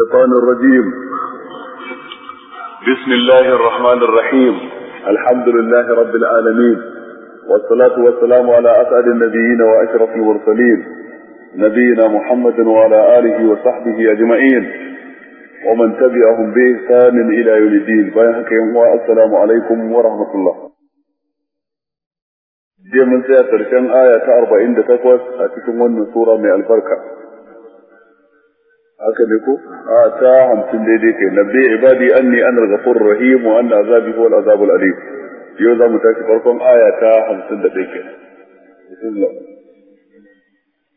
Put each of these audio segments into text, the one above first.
الشيطان الرجيم بسم الله الرحمن الرحيم الحمد لله رب العالمين والصلاة والسلام على أسعد النبيين وأشرف المرسلين نبينا محمد وعلى آله وصحبه أجمعين ومن تبعهم بإحسان إلى يوم الدين السلام عليكم ورحمة الله je من tsaya ƙarshen 48 a cikin wannan haka ne ko a ta hamsin daidai ke labbe ibadi anni ana al-ghafur rahim wa anna azabi huwa al-azab al-alim yau za mu tashi farkon aya ta hamsin da ɗaya kenan bismillah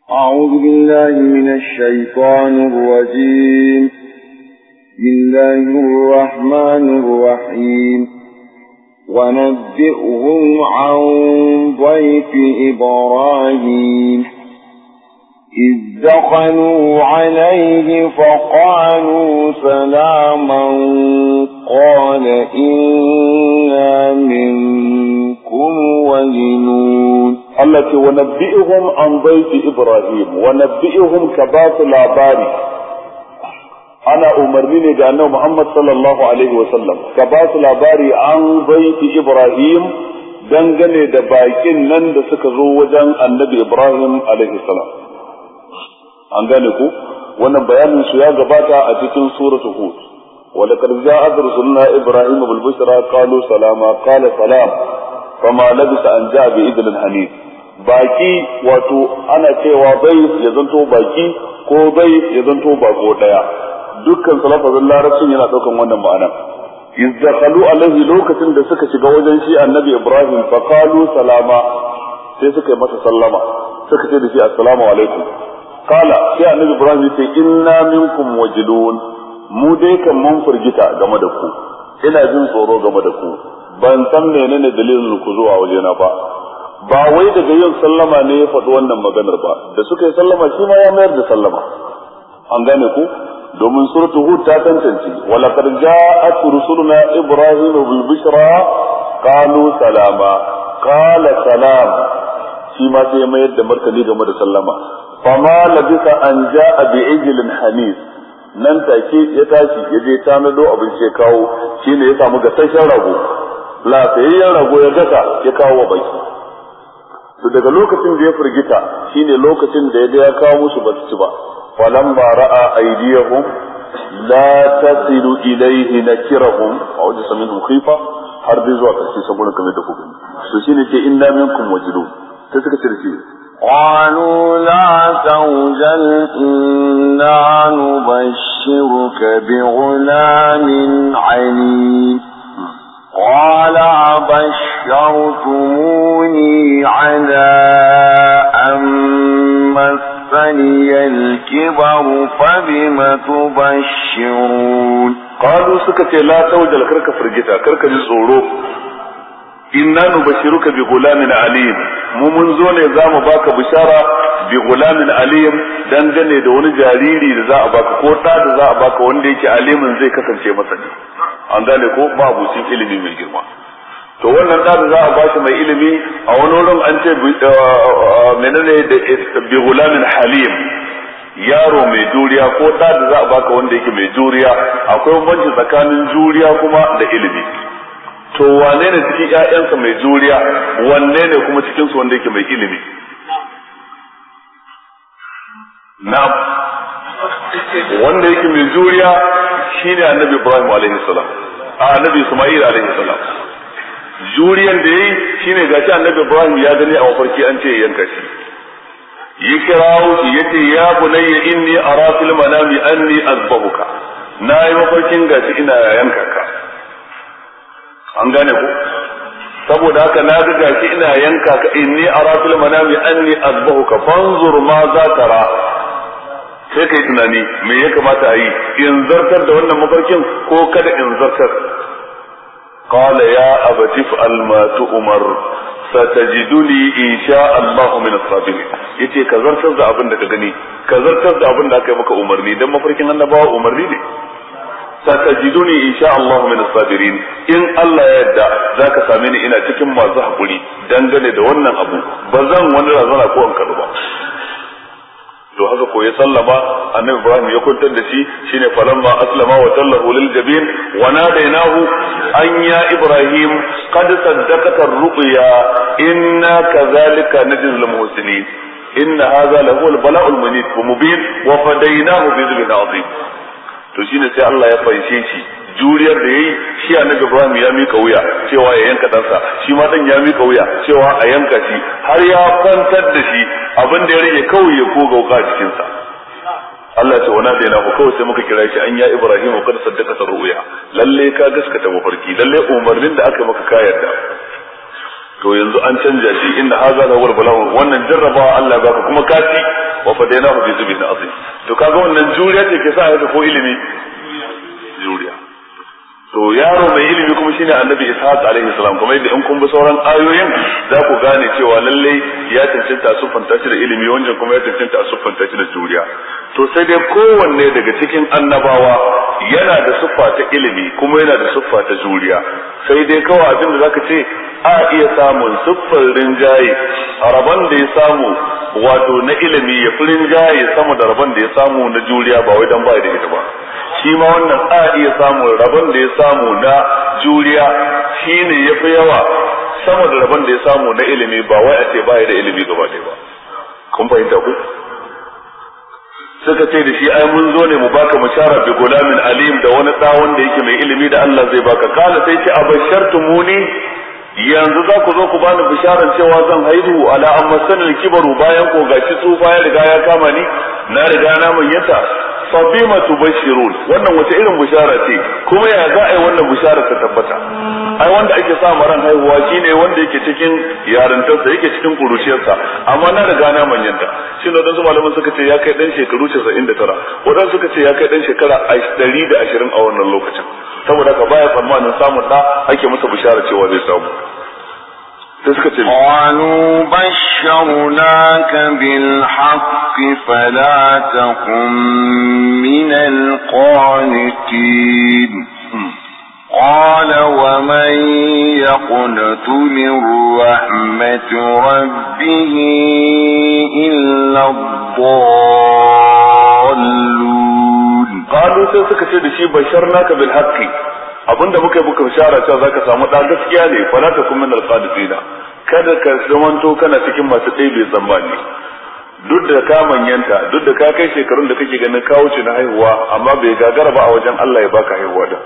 أعوذ بالله من الشيطان الرجيم بسم الله الرحمن الرحيم ونبئهم عن ضيف إبراهيم إذ دخلوا عليه فقالوا سلاما قال إنا منكم وجنون التي ونبئهم عن ضيف إبراهيم ونبئهم كباس لاباري أنا أمرني بأنه محمد صلى الله عليه وسلم كباس لاباري عن ضيف إبراهيم dangane da bakin nan da suka zo wajen annabi Ibrahim alaihi salam an gane ku wannan bayanin su ya gabata a cikin suratul hud ولقد جاءت رسلنا ابراهيم بالبشرى قالوا سلاما قال سلام فما لبث ان جاء باذن حنيف baki wato ana cewa bai ya zanto baki ko bai ya zanto bako daya dukkan salafazin larabcin yana daukan wannan ma'ana izdakhalu alaihi lokacin da suka shiga wajen shi annabi ibrahim fa qalu salama sai suka yi masa sallama suka ce da shi assalamu alaikum kala sai annabi ibrahim ya ce inna minkum wajilun mu dai kan mun firgita game da ku ina jin tsoro game da ku ban san menene dalilin ku zuwa wajena ba ba wai daga yin sallama ne ya faɗi wannan maganar ba da suka yi sallama shi ma ya mayar da sallama an gane ku domin suratu hud ta tantance wala qad ja'at rusuluna ibrahim bil bushra qalu salama qala salam shi ma sai ya mayar da martani game da sallama فما لبث an جاء bi ijlin nan take ya tashi ya je tanado abin shi kawo shine ya samu gasasshen rago lafiyayyen rago ya gasa ya kawo wa baki to daga lokacin da ya firgita shine lokacin da ya ga ya kawo musu ba ci ba ba ra'a aydiyahum la tasilu ilayhi nakirahum aw jasaminhum khifa har dai zuwa karshe saboda kamar da kuka to shine ke inna minkum wajidun sai suka ce قالوا لا توجل إنا نبشرك بغلام عليم قال أبشرتموني على أن مسني الكبر فبم تبشرون قالوا سكت لا توجل كرك فرجتا كرك الزورو inna nubashiruka bi gulamin alim mu mun zo ne za mu baka bishara bi gulamin alim dangane da wani jariri da za a baka ko da da za a baka wanda yake alimin zai kasance masani an gane ko ba abucin ilimi mai girma to wannan da za a bashi mai ilimi a wani wurin an ce eh, eh, menene da eh, bi gulamin halim yaro mai juriya ko da da za a baka wanda yake mai juriya akwai banci tsakanin juriya kuma da ilimi to wane ne cikin ƴaƴansa mai juriya wanne ne kuma cikin su wanda yake mai ilimi na. wanda yake mai juriya shine annabi Ibrahim alaihi salam annabi Isma'il alaihi salam juriyan da yayi shine gashi annabi Ibrahim ya gani a mafarki an ce yanka shi yi kirawo shi yace ya bunayya inni ara fil manami anni azbahuka na yi mafarkin gashi ina yanka ka an gane ku saboda haka na ga gashi ina yanka ka inni aratul manami anni azbahuka fanzur ma za tara sai kai tunani me ya kamata a yi in zartar da wannan mafarkin ko kada in zartar qala ya abati fa'al ma tu'mar satajiduni insha Allah min as-sabirin yace ka zartar da abin da ka gani ka zartar da abin da aka yi maka umarni dan mafarkin annabawa umarni ne satajiduni insha Allah min sabirin in Allah ya yarda zaka sami ni ina cikin masu hakuri dangane da wannan abu ba zan wani razana ko an kadu ba to haka sallama anan Ibrahim ya kuntar da shi shine falamma aslama wa tallahu lil jabin wa nadainahu an ya Ibrahim qad saddaqata ar-ru'ya inna kadhalika najzil muhsinin inna hadha lahu al-bala'ul mubin wa fadaynahu bi dhibin 'azim to shine sai Allah ya fanshe shi juriyar da yayi shi annabi Ibrahim ya mika wuya cewa ya yanka ɗansa shi ma dan ya mika wuya cewa a yanka shi har ya kwantar da shi abin da ya rage kawai ya koga wuka a cikin sa Allah ce wana daina ku kawai sai muka kira shi an ya Ibrahim wa kad saddaka ruya lalle ka gaskata mafarki lalle umarnin da aka maka ka yarda to yanzu an canja shi inna haza la bala balagh wannan jarraba Allah ya baka kuma kafi wa fadainahu bi zibin azim to kaga wannan juriya ce ke sa ya ko ilimi juriya to yaro mai ilimi kuma shine annabi ishaq alaihi salam kuma yadda in kun bi sauran ayoyin za ku gane cewa lalle ya cancanta su fanta da ilimi wanda kuma ya cancanta su fanta da juriya to sai dai kowanne daga cikin annabawa yana da siffa ta ilimi kuma yana da siffa ta juriya sai dai kawai abin da zaka ce a iya samun siffar rinjaye a rabon da ya samu wato na ilimi ya fi rinjaye sama da rabon da ya samu na juriya ba wai dan ba da ita ba shi ma wannan a iya samun rabon da ya samu na juriya shine yafi yawa sama da rabon da ya samu na ilimi ba wai a ce ba da ilimi gaba ɗaya ba kun fahimta ku suka ce da shi ai mun zo ne mu baka mushara bi gulamin alim da wani da wanda yake mai ilimi da Allah zai baka kala sai ce abashartumuni yanzu za ku zo ku bani bisharan cewa zan haihu ala amma sanin kibaru bayan ko gashi tsufa ya riga ya kama ni na riga na manyanta fabima bima tubashirun wannan wace irin bushara ce kuma ya za a yi wannan bushara ta tabbata ai wanda ake sa ran haihuwa shine wanda yake cikin yarintarsa yake cikin kuruciyarsa amma na riga na manyanta shin da su malaman suka ce ya kai dan shekaru 99 wadan suka ce ya kai dan shekara 120 a wannan lokacin saboda ka baya tsammanin samun da ake masa bushara cewa zai samu قالوا بشرناك بالحق فلا تقم من القانتين قال ومن يقنت من رحمة ربه إلا الضالون قالوا سيسكت بشي بشرناك بالحق abinda muka yi muka bishara cewa zaka samu dan gaskiya ne fa ta takum min alqadidina kada ka zamanto kana cikin masu ɗebe tsammani duk da ka manyanta duk da ka kai shekarun da kake ganin ka wuce na haihuwa amma bai gagara ba a wajen Allah ya baka haihuwa da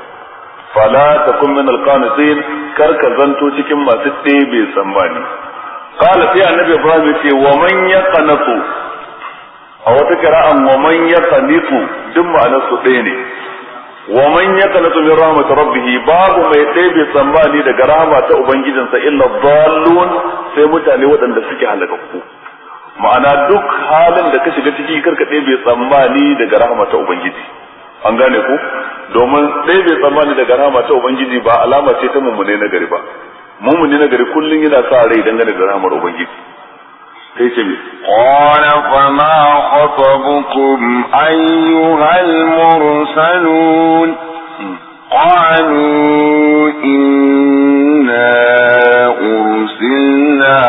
fala ta kun min qanitin kar ka zanto cikin masu ɗebe tsammani qala sai annabi Ibrahim ce wa man yaqanatu a wata kira'an wa man yaqanitu duk ma'anar su ɗaya ne wa man yaqnatu min rahmat rabbih babu mai ɗebe tsammani daga rahama ta ubangijinsa illa dallun sai mutane waɗanda suke halakakku ma'ana duk halin da ka shiga ciki karka ɗebe tsammani daga rahama ta ubangiji an gane ku domin ɗebe tsammani daga rahama ta ubangiji ba alama ce ta mummune na ba mummune nagari kullum yana sa rai dangane da rahamar ubangiji قال فما خطبكم أيها المرسلون قالوا إنا أرسلنا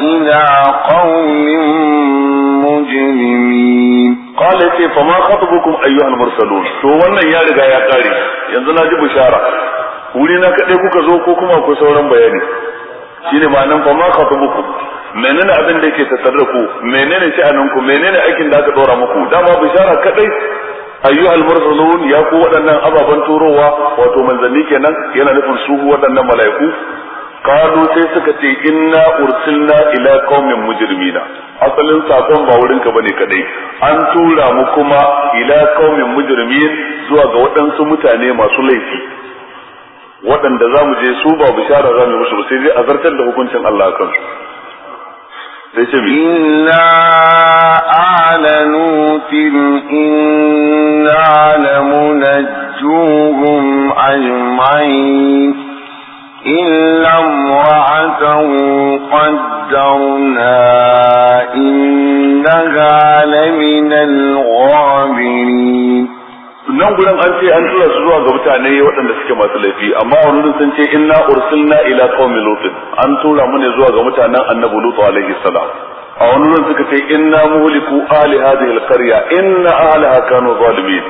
إلى قوم مجرمين قال فما خطبكم أيها المرسلون To wannan ya riga ya kare yanzu na ji bishara wuri na kaɗai kuka zo ko kuma akwai sauran bayani shine ma'anan fa ma khatabukum menene abin da yake tasarrufu menene sha'aninku menene aikin da aka dora muku dama bishara kadai ayyuhal mursalun ya ku waɗannan ababen turowa wato manzanni kenan yana nufin su waɗannan mala'iku qalu sai suka ce inna ursilna ila qaumin mujrimina asalin sakon ba wurin ka bane kadai an tura mu kuma ila qaumin mujrimin zuwa ga waɗansu mutane masu laifi waɗanda za mu je su ba bishara za mu musu sai dai zartar da hukuncin Allah kansu إلا آل نوت إنا لمنجوهم أجمعين إلا امرأته قدرنا إنها لمن الغابرين nan gudan an ce an tura su zuwa ga mutane waɗanda suke masu laifi amma wani sun ce inna ursilna ila qaumi lutin an tura mu ne zuwa ga mutanen annabi lutu alaihi salam a wani wurin suka ce inna muhliku ahli hadhihi alqarya inna ahliha kanu zalimin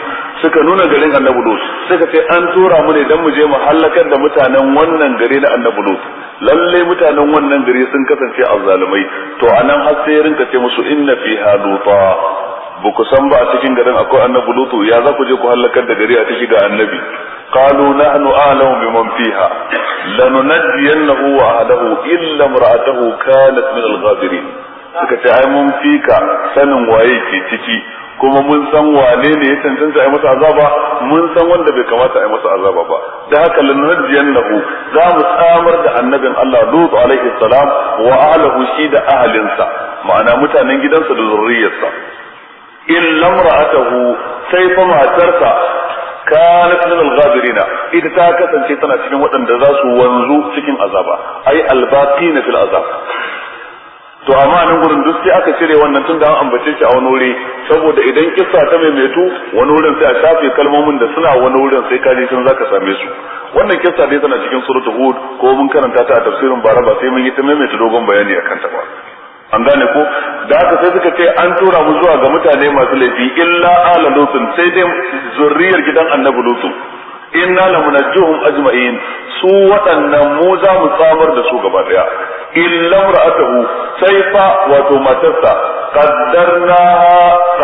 suka nuna garin annabi lut suka ce an tura mu ne dan mu je mu halakar da mutanen wannan gari na annabi lut lalle mutanen wannan gari sun kasance azzalumai to anan har sai rinka ce musu inna fiha luta ba ku san ba a cikin garin akwai annabi lutu ya za ku je ku hallakar da gari a ciki ga annabi qalu nahnu a'lamu biman fiha lanunajjiyannahu wa ahlahu illa imra'atahu kanat min al-ghabirin suka ce ai mun fika sanin waye ke ciki kuma mun san wane ne ya cancanta a masa azaba mun san wanda bai kamata a masa azaba ba da haka lanunajjiyannahu za mu samar da annabin Allah lutu alaihi salam wa ahlahu shi da ahalinsa ma'ana mutanen gidansa da zurriyarsa illa atahu sai fa matarsa kanat min al-ghabirina ita ta kasance tana cikin waɗanda za su wanzu cikin azaba ai albaqina fil azab to amma nan gurin duk sai aka cire wannan tun da an ambace shi a wani wuri saboda idan kissa ta maimaitu wani wurin sai a shafe kalmomin da suna wani wurin sai ka sun zaka same su wannan kissa dai tana cikin suratul hud ko mun karanta ta a tafsirin bara ba sai mun yi ta maimaita dogon bayani akan ta ba an gane ko da haka sai suka ce an tura mu zuwa ga mutane masu laifi illa ala lutun sai dai zurriyar gidan annabi lutun inna la ajma'in su waɗannan mu za mu samar da su gaba daya illa ra'atuhu sai fa wato matarsa qaddarna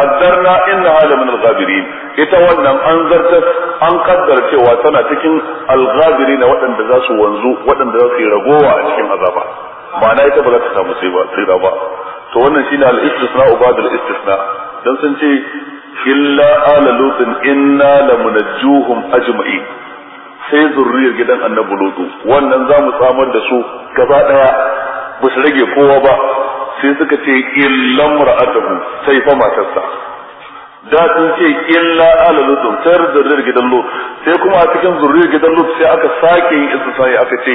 qaddarna innaha la min al-ghabirin ita wannan an zartar an kaddara cewa tana cikin al-ghabirin waɗanda za su wanzu waɗanda za su yi ragowa a cikin azaba ma'ana ita ba za ta samu sai ba tsira ba to wannan shine al-istisna ubadul istisna dan sun ce illa ala lutin inna lamunajjuhum ajma'i sai zurriyar gidan annabi lutu wannan za mu samar da su gaba daya ba su rage kowa ba sai suka ce illam ra'atuhu sai fa matarsa da sun ce illa ala lutum sayar zurriyar gidan lut sai kuma a cikin zurriyar gidan lut sai aka sake yin istisna'i aka ce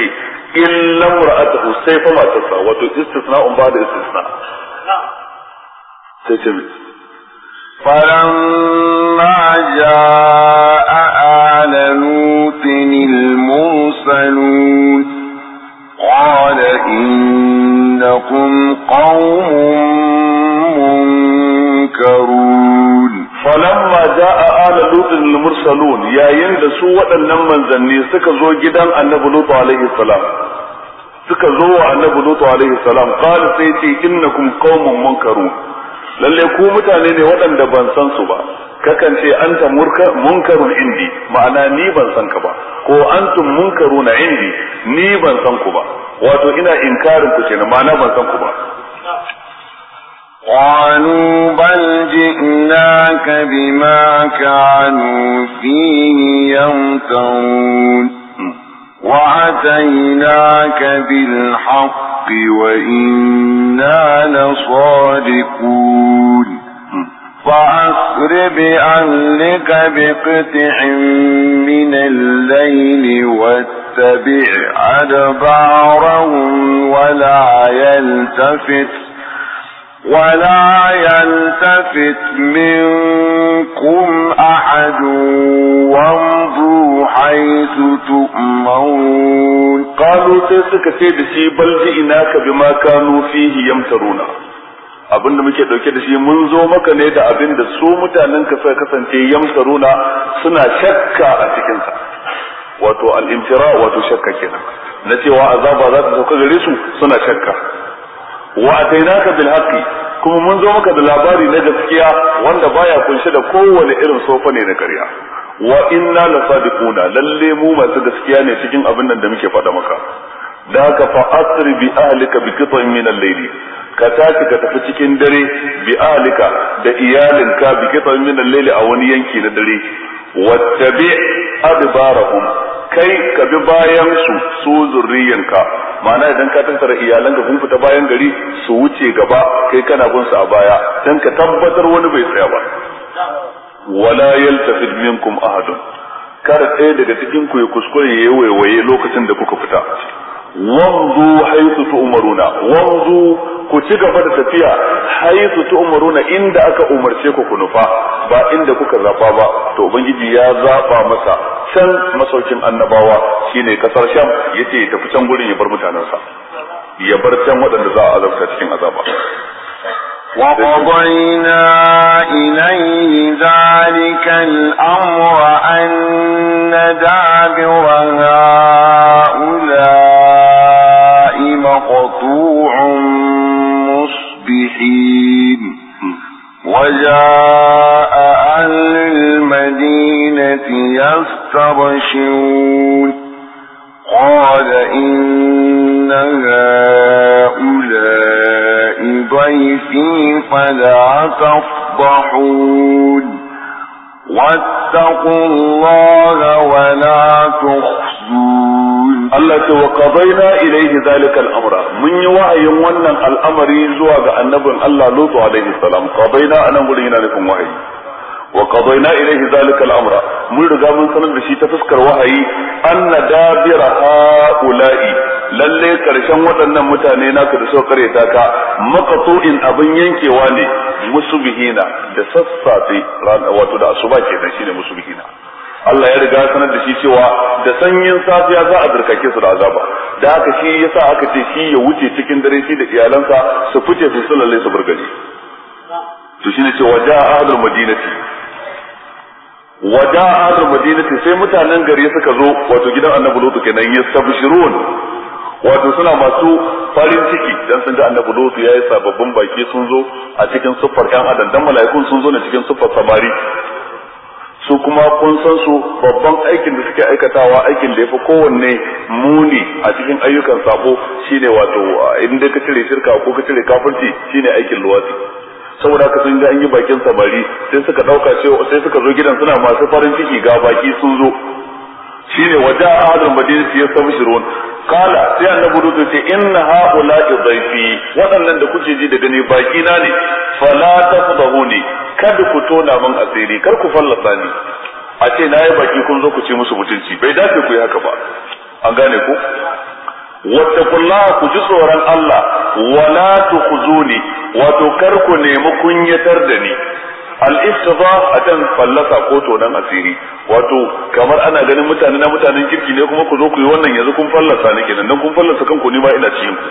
illa mura'atuhu sai fa mata sa wato istisna um ba'da istisna sai ce faran فلما جاء آل لوط المرسلون qala innakum قوم mursalun yayin da su waɗannan manzanni suka zo gidan annabi lutu alaihi salam suka zo wa annabi lutu alaihi salam qala sai ce innakum qaumun munkarun lalle ku mutane ne waɗanda ban san su ba kakan ce anta munkarun indi ma'ana ni ban san ka ba ko antum munkaruna indi ni ban san ku ba wato ina inkarin ku kenan ma'ana ban san ku ba قالوا بل جئناك بما كانوا فيه يمترون وأتيناك بالحق وإنا لصادقون فأسر بأهلك بقطع من الليل واتبع أدبارهم ولا يلتفت ولا يلتفت منكم أحد وامضوا حيث تؤمرون قالوا تسك سيد سي بل جئناك بما كانوا فيه يمترون abin da muke dauke da shi mun zo maka ne da abin da su mutanen ka sai kasance yamtaruna suna shakka a cikinsa wato al-imtira wato shakka kenan na cewa azaba za ta sauka gare su suna shakka wa ka bil haqqi kuma mun zo maka da labari na gaskiya wanda baya kunshe da kowane irin sofa ne na ƙarya wa inna la sadiquna lalle mu masu gaskiya ne cikin abin nan da muke faɗa maka da ka fa asri bi ahlika bi qit'in min al-layli ka tashi ka tafi cikin dare bi ahlika da iyalinka bi qit'in min al-layli a wani yanki na dare wattabi adbarahum kai ka bi bayan su su zurriyanka ma'ana idan ka tattara iyalanka kun fita bayan gari su wuce gaba kai kana bin su a baya dan ka tabbatar wani bai tsaya ba wala yaltafid minkum ahadun kar ɗaya daga cikin ku ya kuskure ya waiwaye lokacin da kuka fita Wanzu haisu umaruna wanzu ku ci gaba da tafiya haisu umaruna inda aka umarce ku ku nufa ba inda kuka zaba ba to ubangiji ya zaba masa can masaukin annabawa shine kasar sham yace ya tafi can gurin ya bar mutanansa ya bar can waɗanda za a azabta cikin azaba وقضينا إليه ذلك الأمر أن دابر وجاء أهل المدينة يستبشرون قال إن هؤلاء ضيفي فلا تفضحون واتقوا الله ولا تخزون Allah ce wa qadaina ilayhi zalika al-amra mun yi wa'ayin wannan al'amari zuwa ga annabin Allah Lutu alaihi salam a anan gurin yana nufin wa'ayi wa qadaina ilayhi zalika al-amra mun riga mun sanar da shi ta fuskar wahayi anna dabira haula'i lalle karshen waɗannan mutane naka da suka kareta ka maqtu'in abin yankewa ne musubihina da sassafe wato da asuba kenan shine musubihina Allah ya riga sanar da shi cewa da sanyin safiya za a zarkake su da azaba da haka shi yasa aka ce shi ya wuce cikin dare shi da iyalansa su fice su sulalle su burgani to shine ce ja'a ahlul madinati ja'a ahlul madinati sai mutanen gari suka zo wato gidan annabi lutu kenan yastabshirun wato suna masu farin ciki dan sun ga annabi lutu yayi sababbin baki sun zo a cikin sufar kan adam dan mala'ikun sun zo ne cikin sufar samari su kuma kun san su babban aikin da suke aikatawa aikin da yafi kowanne muni a cikin ayyukan sako shine wato inda ka cire shirka ko ka cire kafirci shine aikin luwati saboda ka sun ga an yi bakin samari sai suka dauka cewa sai suka zo gidan suna masu farin ciki ga baki sun zo shine waja ahadul madinati Shirun. kala sai annabi lutu ce inna haula'i dhaifi waɗannan da kuke ji da gani baki na ne fala tafdahuni kada ku tona min asiri kar ku fallasa ni a ce na yi baki kun zo ku ce musu mutunci bai dace ku yi haka ba an gane ku wattaqullaha ku ji tsoron Allah wala tukhzuni wato kar ku nemi kunyatar da ni al a akan fallasa ko nan asiri wato kamar ana ganin mutane na mutanen kirki ne kuma ku zo ku yi wannan yanzu kun fallasa ne kenan dan kun fallasa kanku ne ma ina cikin ku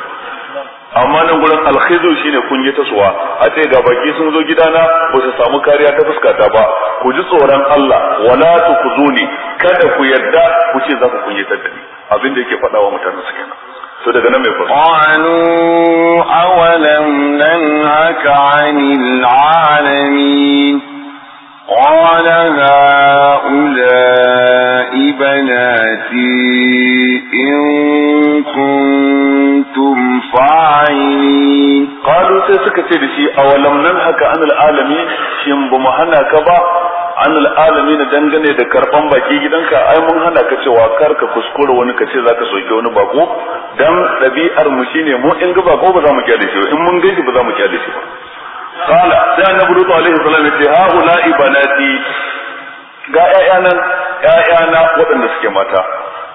amma nan gurin alkhizu shine kun yi tasuwa a ce ga baki sun zo gidana ba su samu kariya ta fuskata ba ku ji tsoron Allah wala tukuzuni kada ku yarda ku ce za ku kunyatar da abin da yake faɗawa wa mutanen su kenan قالوا أولم ننهك عن العالمين قال هؤلاء بناتي إن كنتم فاعلين قالوا تسكتي بشي أولم ننهك عن العالمين شنب مهنك بعض anil na dangane da karban baki gidanka ai mun hana ka cewa kar ka kuskure wani ka ce zaka soke wani bako dan dabi'ar mu shine mu in ga bako ba za mu kyale shi in mun gaishe ba za mu kyale shi ba qala sai annabi lutu alaihi salam yace la'i banati ga ƴaƴa na waɗanda suke mata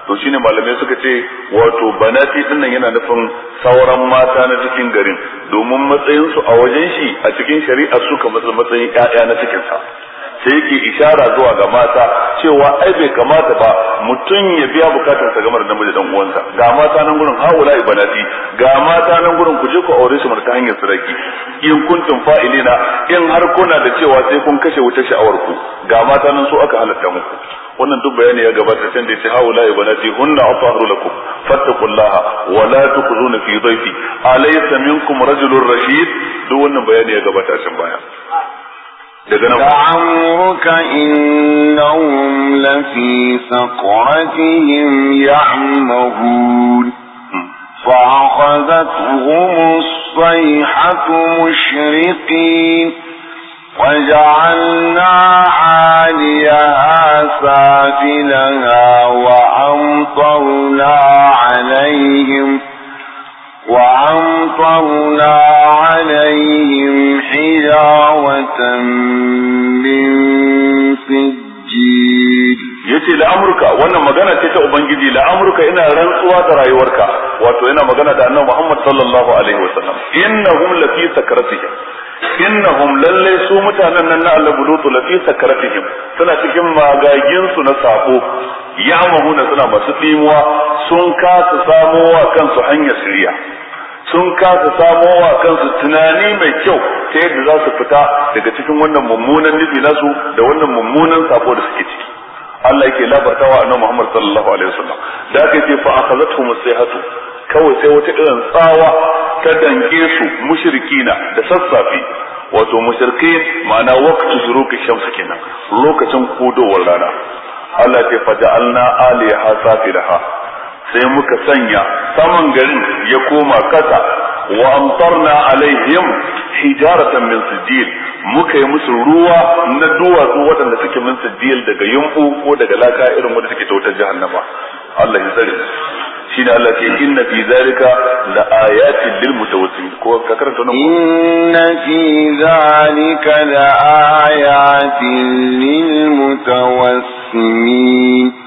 to shine malamai suka ce wato banati dinnan yana nufin sauran mata na cikin garin domin matsayinsu a wajen shi a cikin shari'a suka matsayin ƴaƴa na cikinsa. sa sai yake ishara zuwa ga mata cewa ai bai kamata ba mutum ya biya bukatar sa gamar namiji dan uwansa ga mata nan gurin haula ibanati ga mata nan gurin ku ku aure su marka hanyar suraki in kuntum fa'ilina in har kuna da cewa sai kun kashe wuta sha'awar ku ga mata nan su aka halatta muku wannan duk bayani ya gabata can da yace haula ibanati hunna atahru lakum fattaqullaha wa la tukhzuna fi dhayfi alaysa minkum rajulun rashid duk wannan bayani ya gabata can baya لعمرك إنهم لفي سقرتهم يعمهون فأخذتهم الصيحة مشرقين وجعلنا عاليها سافلها وأمطرنا عليهم وأمطرنا عليهم حجارة من سجيل yace la'amurka wannan magana ce ta ubangiji la'amurka ina rantsuwa da rayuwarka wato yana magana da annabi Muhammad sallallahu alaihi wasallam innahum lafi sakratihim innahum lalle su mutanen nan na Allah bulutu lafi sakratihim suna cikin magagin su na sako ya mahuna suna masu dimuwa sun kasa samo wa kansu hanyar siriya sun kasa samo wa kansu tunani mai kyau ta yadda za su fita daga cikin wannan mummunan nufi nasu da wannan mummunan sabo da suke ciki Allah yake wa annabi Muhammad sallallahu alaihi wasallam da aka ce fa akhazatuhum sayhatu kawai sai wata irin tsawa ta danke su mushrikina da sassafe wato mushrikin ma'ana waqtu zuruqi shamsi kenan lokacin kodowar rana Allah ya ce fa ja'alna aliyaha safilaha sai muka sanya saman garin ya koma kasa wa amtarna alaihim hijaratan min sijil muka yi musu ruwa na duwatsu waɗanda suke min sijil daga yunfu ko daga laka irin wanda suke tautar jahannama Allah ya tsare shine Allah ke inna fi zalika la ayatin lil mutawassim ko ka karanta wannan inna fi zalika la ayatin lil mutawassim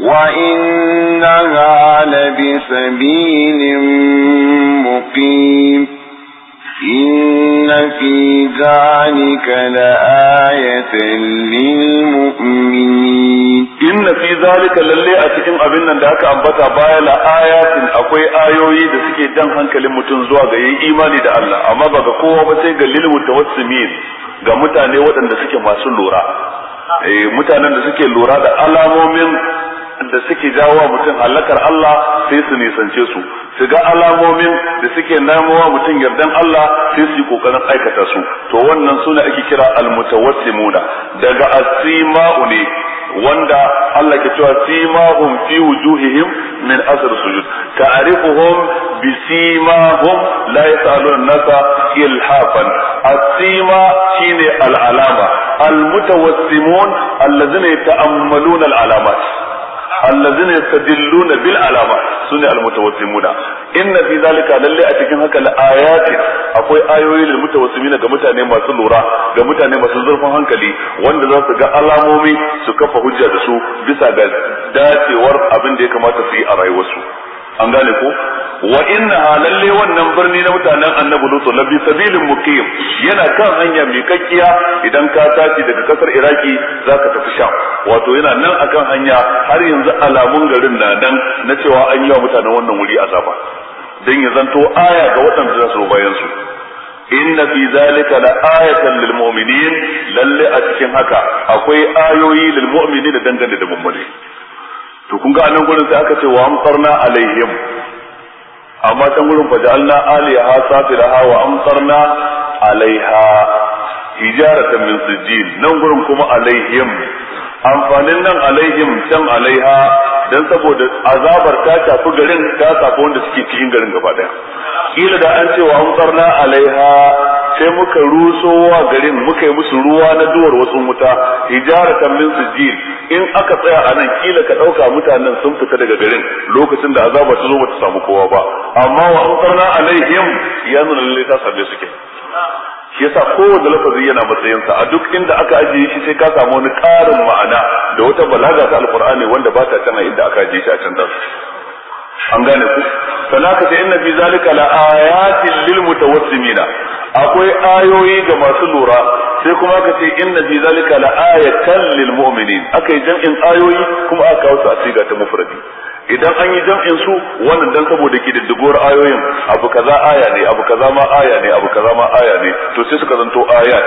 وإنها لبسبيل مقيم إن في ذلك لآية للمؤمنين إن في ذلك للي أتكم أبنا داك أنبتا بايا لآيات أقوي آيوي دا سكي دان هنك لمتنزوا غي إيماني دا الله أما بغا قوة بسيغا للمتوسمين ga mutane waɗanda suke masu lura mutanen da suke lura da alamomin da suke jawo wa mutum halakar Allah sai su nisance su su alamomin da suke namowa mutum yardan Allah sai su yi kokarin aikata su to wannan suna ake kira almutawassimuna daga asima'u ne wanda Allah ke cewa simahum fi wujuhihim min asr sujud ta'rifuhum bi simahum la yasalun nasa ilhafan asima shine al alama al mutawassimun allazina yata'ammaluna al alamat allazina yastadilluna bil alama sune almutawassimuna inna fi zalika lalle a cikin haka la ayatin akwai ayoyi lil mutawassimina ga mutane masu lura ga mutane masu zurfin hankali wanda za su ga alamomi su kafa hujja da su bisa ga dacewar abin da ya kamata su yi a rayuwarsu an gane ko wa inna lalle wannan birni na mutanen annabi lutu la bi sabilin muqim yana kan hanya mai kakkiya idan ka tashi daga kasar iraki zaka tafi sha. wato yana nan akan hanya har yanzu alamun garin na nan na cewa an yi wa mutanen wannan wuri azaba dan ya zanto aya ga waɗanda za su bayan su inna fi zalika la ayatan lil mu'minin lalle a cikin haka akwai ayoyi lil mu'minin da dangane da mummuni to kun ga nan gurin sai aka ce wa amsarna alaihim amma can gurin fa ja'alna aliyaha safiraha wa amsarna alaiha hijaratan min sijil nan gurin kuma alaihim amfanin nan alaihim can alaiha dan saboda azabar ta tafi garin ta tafi wanda suke cikin garin gaba daya kila da an ce wa amsarna alaiha sai muka rusowa garin muka yi musu ruwa na duwar wasu wuta hijaratan min sijil in aka tsaya a nan kila ka dauka mutanen sun fita daga garin lokacin da azaba ta zo bata samu kowa ba amma wa amsarna alaihim yanzu lalle ta sabe suke shi yasa kowanne lafazi yana matsayin sa a duk inda aka ajiye shi sai ka samu wani ƙarin ma'ana da wata balaga ta alqur'ani wanda ba ta tana inda aka ajiye shi a can da an gane ku sanaka ta ce inna fi zalika la ayatin lil mutawassimina akwai ayoyi ga masu lura sai kuma ka ce inna fi zalika la ayatan lil mu'minin akai jam'in ayoyi kuma aka kawo su a siga ta mufradi idan an yi jam'in su wannan dan saboda kididdigowar ayoyin abu kaza aya ne abu kaza ma aya ne abu kaza ma aya ne to sai suka zanto ayat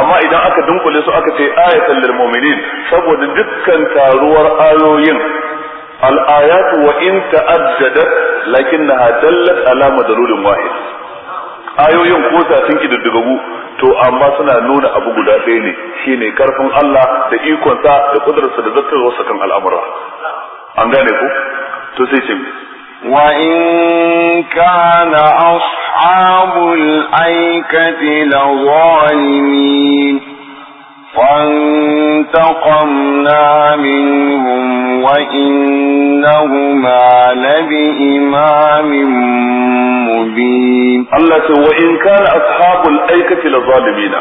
amma idan aka dunkule su aka ce ayatan lil mu'minin saboda dukkan taruwar ayoyin الآيات وإن تعددت لكنها دلت على مدلول واحد ayoyin ko da sun to amma suna nuna abu guda ɗaya ne shine karfin Allah da ikonsa da kudurarsa da zartarwarsa kan al'amura an gane ku to sai ce وإن كان أصحاب الأيكة لظالمين وانتقمنا منهم وإنهما لبإمام مبين الله وإن كان أصحاب الأيكة لظالمين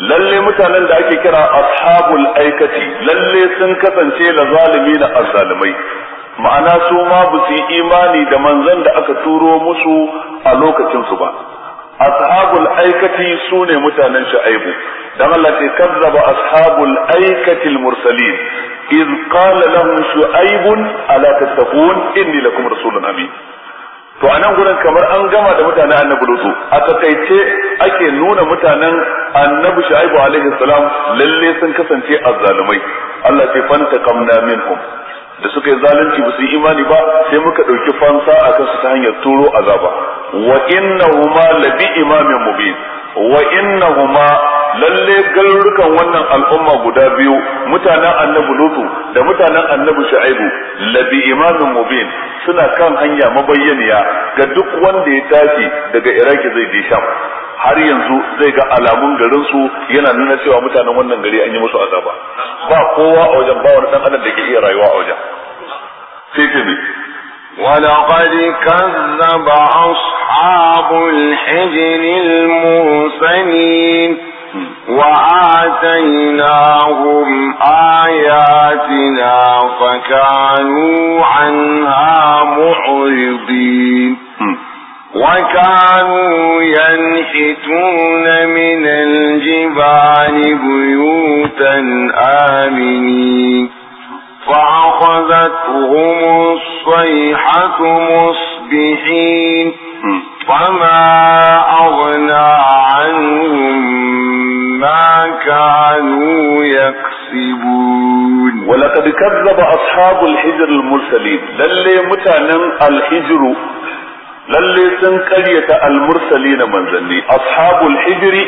للي مثلا لأكي كرا أصحاب الأيكة للي سنكفن شيء لظالمين الظالمين معنا سوما بسي bu su yi imani da manzan da ashabul aikati sune mutanen shu'aibu dan Allah ce kazzaba ashabul aikati mursalin iz qala lahum shu'aibun ala tattaqun inni lakum rasulun amin to a nan gurin kamar an gama da mutanen annabi lutu a takaice ake nuna mutanen annabi shu'aibu alaihi salam lalle sun kasance azzalumai Allah ce fanta kamna minhum da suka yi zalunci ba su yi imani ba sai muka ɗauki fansa a kansu ta hanyar turo azaba wa huma labi imamin mubin wa huma. lalle garurukan wannan al'umma guda biyu mutanen annabi lutu da mutanen annabi shu'aibu labi imamin mubin suna kan hanya mabayyaniya ga duk wanda ya tashi daga iraki zai je sham har yanzu zai ga alamun garin su yana nuna cewa mutanen wannan gari an yi musu azaba ba kowa a wajen ba wani dan adam da ke iya rayuwa a wajen sai ولقد كذب أصحاب الحجر المرسلين وآتيناهم آياتنا فكانوا عنها معرضين وكانوا ينحتون من الجبال بيوتا آمنين فأخذتهم الصيحة مصبحين فما أغنى عنهم ما كانوا يكسبون ولقد كذب أصحاب الحجر المرسلين للي متنم الحجر للي تنكرية المرسلين منزلي أصحاب الحجر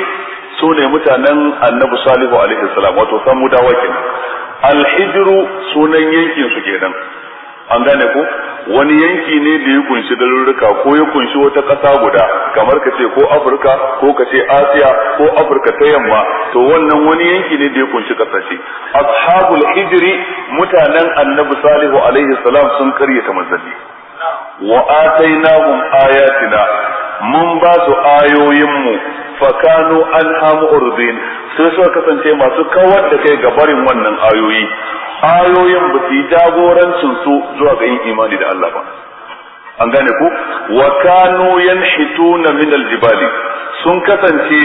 سنة متنم النبو صالح عليه السلام وتثمد وكنا الحجر سنة ينكي سكينا an gane ko wani yanki ne da ya kunshi dalurruka ko ya kunshi wata ƙasa guda kamar ka ce ko afirka ko ka ce asiya ko afirka ta yamma to wannan wani yanki ne da ya kunshi ƙasashe ashabul hijri mutanen annabi salihu alaihi salam sun karyata manzanni wa atainahum ayatina mun ba su ayoyinmu fakanu an hamu sai suka kasance masu kawar da kai barin wannan ayoyi ayoyin ba su yi jagorancin su zuwa ga yin imani da Allah ba an gane ku wa hito na minal Jibali, sun kasance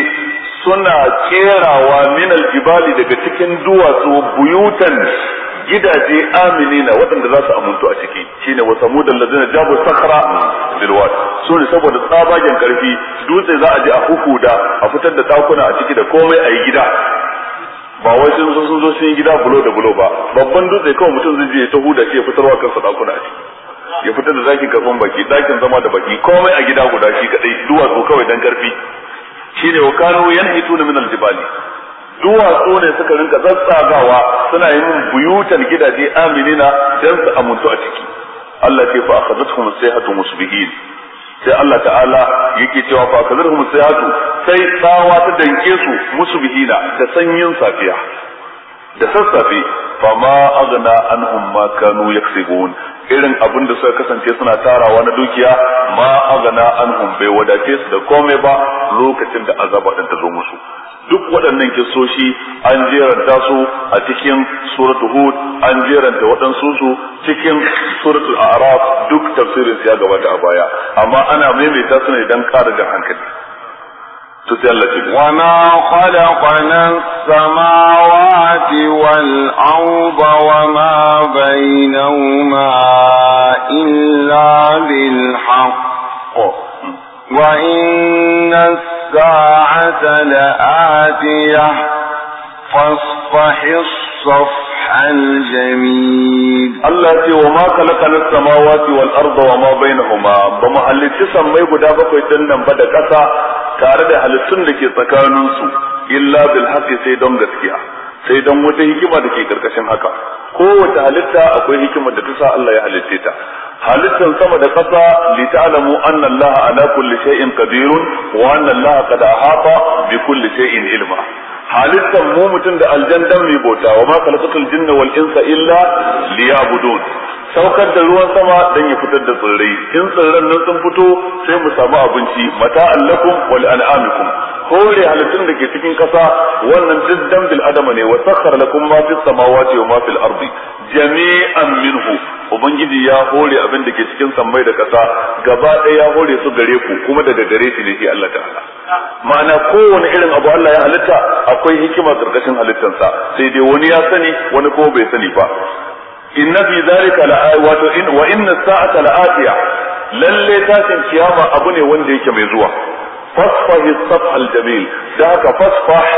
suna kerawa minal Jibali daga cikin duwatsu buyutan gidaje aminina waɗanda za su amintu a ciki shine wa samud allazina zina sakhra sakara wad Su ne saboda tsabagen karfi dutse za a je a hukuda a fitar da takuna a ciki da komai a yi gida ba wai sun zo sun zo sun yi gida bulo da bulo ba babban dutse kawai mutum zai je ya taho da shi ya fitarwa kansa dakuna a ciki ya fitar da zakin karfin baki zakin zama da baki komai a gida guda shi kadai duwatsu kawai dan karfi shine wa kanu yanhituna min aljibali duwatsu ne suka rinka zazzagawa suna yin buyutan gidaje aminina dan su amuntu a ciki Allah ce fa akhadathum sayhatu musbihin sai Allah ta'ala yake cewa fa kazarhum sayatu sai tsawa ta danke su musu musbihina da sanyin safiya da sassafe fa ma aghna anhum ma kanu yaksibun irin abin da suka kasance suna tarawa na dukiya ma aghna anhum bai wadace su da komai ba lokacin da azaba ta zo musu duk waɗannan kisoshi an jeranta su a cikin suratul hud an jeranta waɗansu su cikin suratul a'raf duk tafsirin ya gabata a baya amma ana maimaita su ne dan kara jan hankali to sai Allah ya ce wana khalaqana samawati wal arda wa ma bainahuma illa bil haqq وإن الساعة لآتية فاصفح الصفح الجميل التي وما خلق السماوات والأرض وما بينهما بما التي سميه دابك ويتنن بدك أسا كارد أهل السنة كي تكاننسو إلا بالحق سيدون قسكيا سيدون وتهيكما دكي كركشن هكا قوة أهل التاء أكوهيكما دكسا الله يهل التاء halittar sama da ƙasa li ta'lamu anna Allah ala kulli shay'in qadirun wa anna Allah qad ahata bi kulli shay'in ilma halittar mu mutum da aljandan mai bauta wa ma khalaqatul jinna wal insa illa liyabudun saukar da ruwan sama dan ya fitar da tsirrai in tsirran nan sun fito sai mu samu abinci Mata, lakum wal an'amikum kore halittun da ke cikin kasa wannan duk dambil adama ne wa sakhkhara lakum ma fis samawati wa ma fil ardi jami'an minhu ubangiji ya hore abin da ke cikin sammai da kasa gaba ɗaya ya hore su gare ku kuma daga gare shi ne ke Allah ta'ala ma'ana kowane irin abu Allah ya halitta a akwai hikima karkashin halittansa sai dai wani ya sani wani kuma bai sani ba inna fi zalika la wato in wa inna sa'ata la atiya lalle tashin kiyama abu ne wanda yake mai zuwa fasfahi safhal jamil da ka fasfah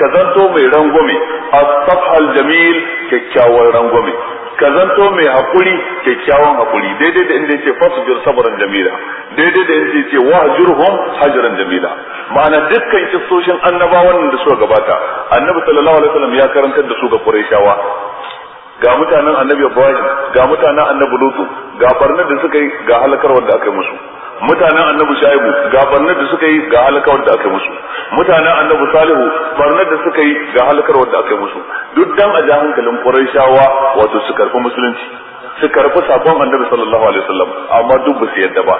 ka zanto mai rangwame as safhal jamil kyakkyawar rangwame ka zanto mai hakuri kyakkyawan hakuri daidai da inda fasu fasbir sabran jamila daidai da inda wa wahjurhum hajran jamila ma'ana dukkan kissoshin annabawan da suka gabata annabi sallallahu alaihi wasallam ya karantar da su ga quraishawa ga mutanen annabi ibrahim ga mutanen annabi lutu ga barnar da suka yi ga halakar da aka yi musu mutanen annabi shaibu ga barnar da suka yi ga halakawar da aka musu mutanen annabi salihu barnar da suka yi ga halakawar da aka musu duk dan a ja hankalin qurayshawa wato su karfi musulunci su karfi sabon annabi sallallahu alaihi wasallam amma duk ba su yadda ba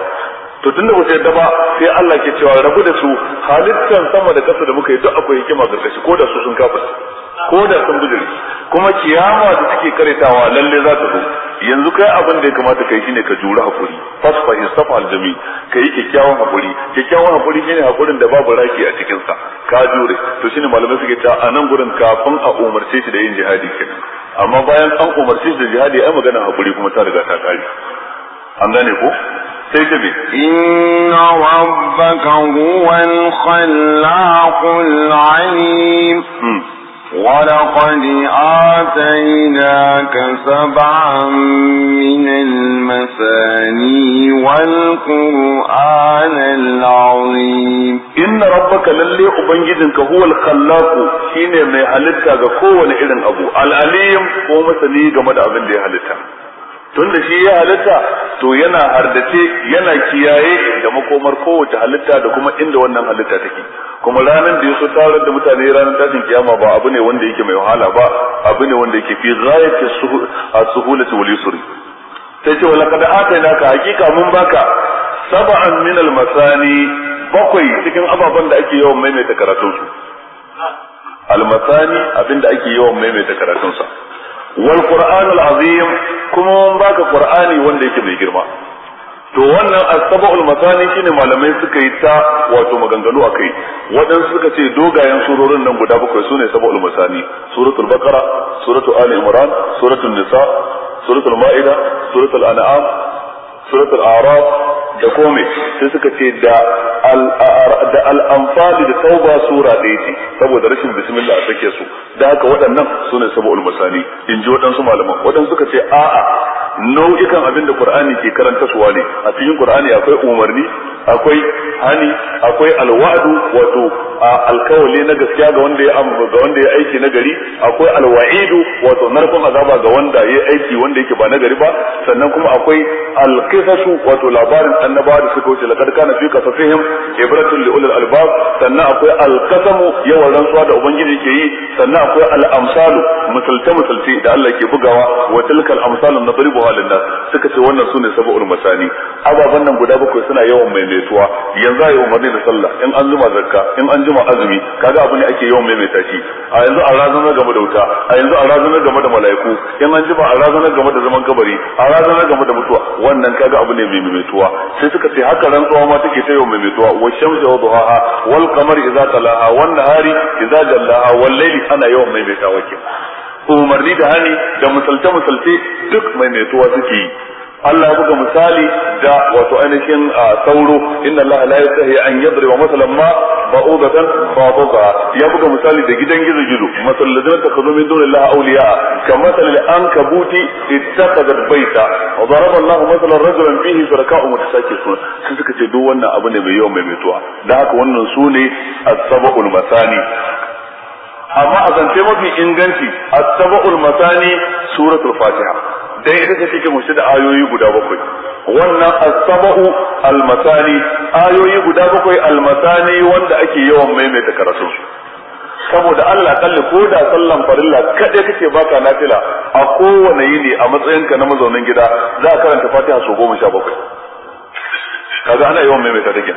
to tunda ba su yadda ba sai Allah ke cewa rabu da su halittan sama da kasa da muka yi duk akwai hikima gargashi ko da su sun kafa ko da sun bijiri kuma kiyama da take karetawa lalle za ta zo yanzu kai abin da ya kamata kai shine ka jura hakuri fasfa istafa aljami kai kikkiawan hakuri kikkiawan hakuri shine hakurin da babu raki a cikin sa ka jure to shine malamai suke ta a nan gurin kafin a umarce shi da yin jihadi kenan amma bayan an umarce shi da jihadi ai magana hakuri kuma ta riga ta kare an gane ko sai ta bi inna rabbaka huwal khallaqul alim ولقد آتيناك سبعا من المثاني والقرآن العظيم إن ربك للي أبنجدنك هو الخلاق شين ما حلتك كون إذن أبو العليم هو مثلي جمد أبن لي حلتك tun da shi ya halitta to yana hardace yana kiyaye da makomar kowace halitta da kuma inda wannan halitta take kuma ranar da ya so tarar da mutane ranar tashin kiyama ba abu ne wanda yake mai wahala ba abu ne wanda yake fi ghayati as-suhulati wal yusri sai ce wala kad atainaka hakika mun baka sab'an min al-masani bakwai cikin ababen da ake yawan maimaita karatun su al-masani abinda ake yawan maimaita karatun sa wal qur'an al-azim kuma mun baka qur'ani wanda yake mai girma to wannan asaba'ul masani shine malamai suka yi ta wato maganganu akai waɗansu suka ce dogayen surorin nan guda bakwai sune saba'ul masani suratul baqara suratul ali imran suratul nisa suratul ma'ida suratul an'am suratul a'raf da kome sai suka ce da al'amfali da tauba sura da ce saboda rashin bismillah a sake su da haka waɗannan su ne sabo'ul masani in ji waɗansu malaman waɗansu suka ce a'a nau'ikan abin da qur'ani ke karanta suwa ne a cikin qur'ani akwai umarni akwai hani akwai alwa'du wato alkawali na gaskiya ga wanda ya ga wanda ya aiki na gari akwai alwa'idu wato narkon azaba ga wanda ya aiki wanda yake ba na gari ba sannan kuma akwai alqisasu wato labarin annabawa da suka wuce laqad kana fi qasasihim ibratun li ulil albab sannan akwai alqasamu yawan rantsuwa da ubangiji ke yi sannan akwai al'amsalu misalta misalci da Allah ke bugawa wa tilkal amsalu nadribuha lin nas suka ce wannan sune sab'ul masani ababan nan guda bakwai suna yawan maimaituwa yanzu a yi umarni da sallah in an zuma zakka in an juma azumi kaga abu ne ake yawan maimaita shi a yanzu a razanar game da wuta a yanzu a razanar game da mala'iku in an juma a razanar game da zaman kabari a razanar game da mutuwa wannan kaga abu ne mai maimaituwa sai suka ce haka rantsuwa ma take ta yau mai wa shamsu wa duhaha wal qamari idza talaha wan nahari idza jallaha wal layli ana yau mai mutuwa umarni da hani da musalce musalce duk mai suke yi Allah ya buga misali da wato ainihin sauro inna Allah la yastahi an yadriba masalan ma ba'udatan ba, ya buga misali da gidan gizo gizo masal ladina takhudu min dunillah awliya kamasal al-ankabuti ittakhadhat baita wa daraba Allah masalan rajulan fihi shuraka'u mutasakkisun sun suka ce duk wannan abu ne mai yawan mai mutuwa dan haka wannan sune as-sabaqul masani amma a zance mafi inganci as-sabaqul masani suratul fatiha dai ita ce take mushi da ayoyi guda bakwai wannan Asabahu Almasani ayoyi guda bakwai Almasani wanda ake yawan maimaita karatun saboda Allah kalli ko da sallan farilla kadai kake baka nafila a kowane yini a matsayinka na mazaunin gida za ka karanta Fatiha so goma sha bakwai kaga ana yawan maimaita ta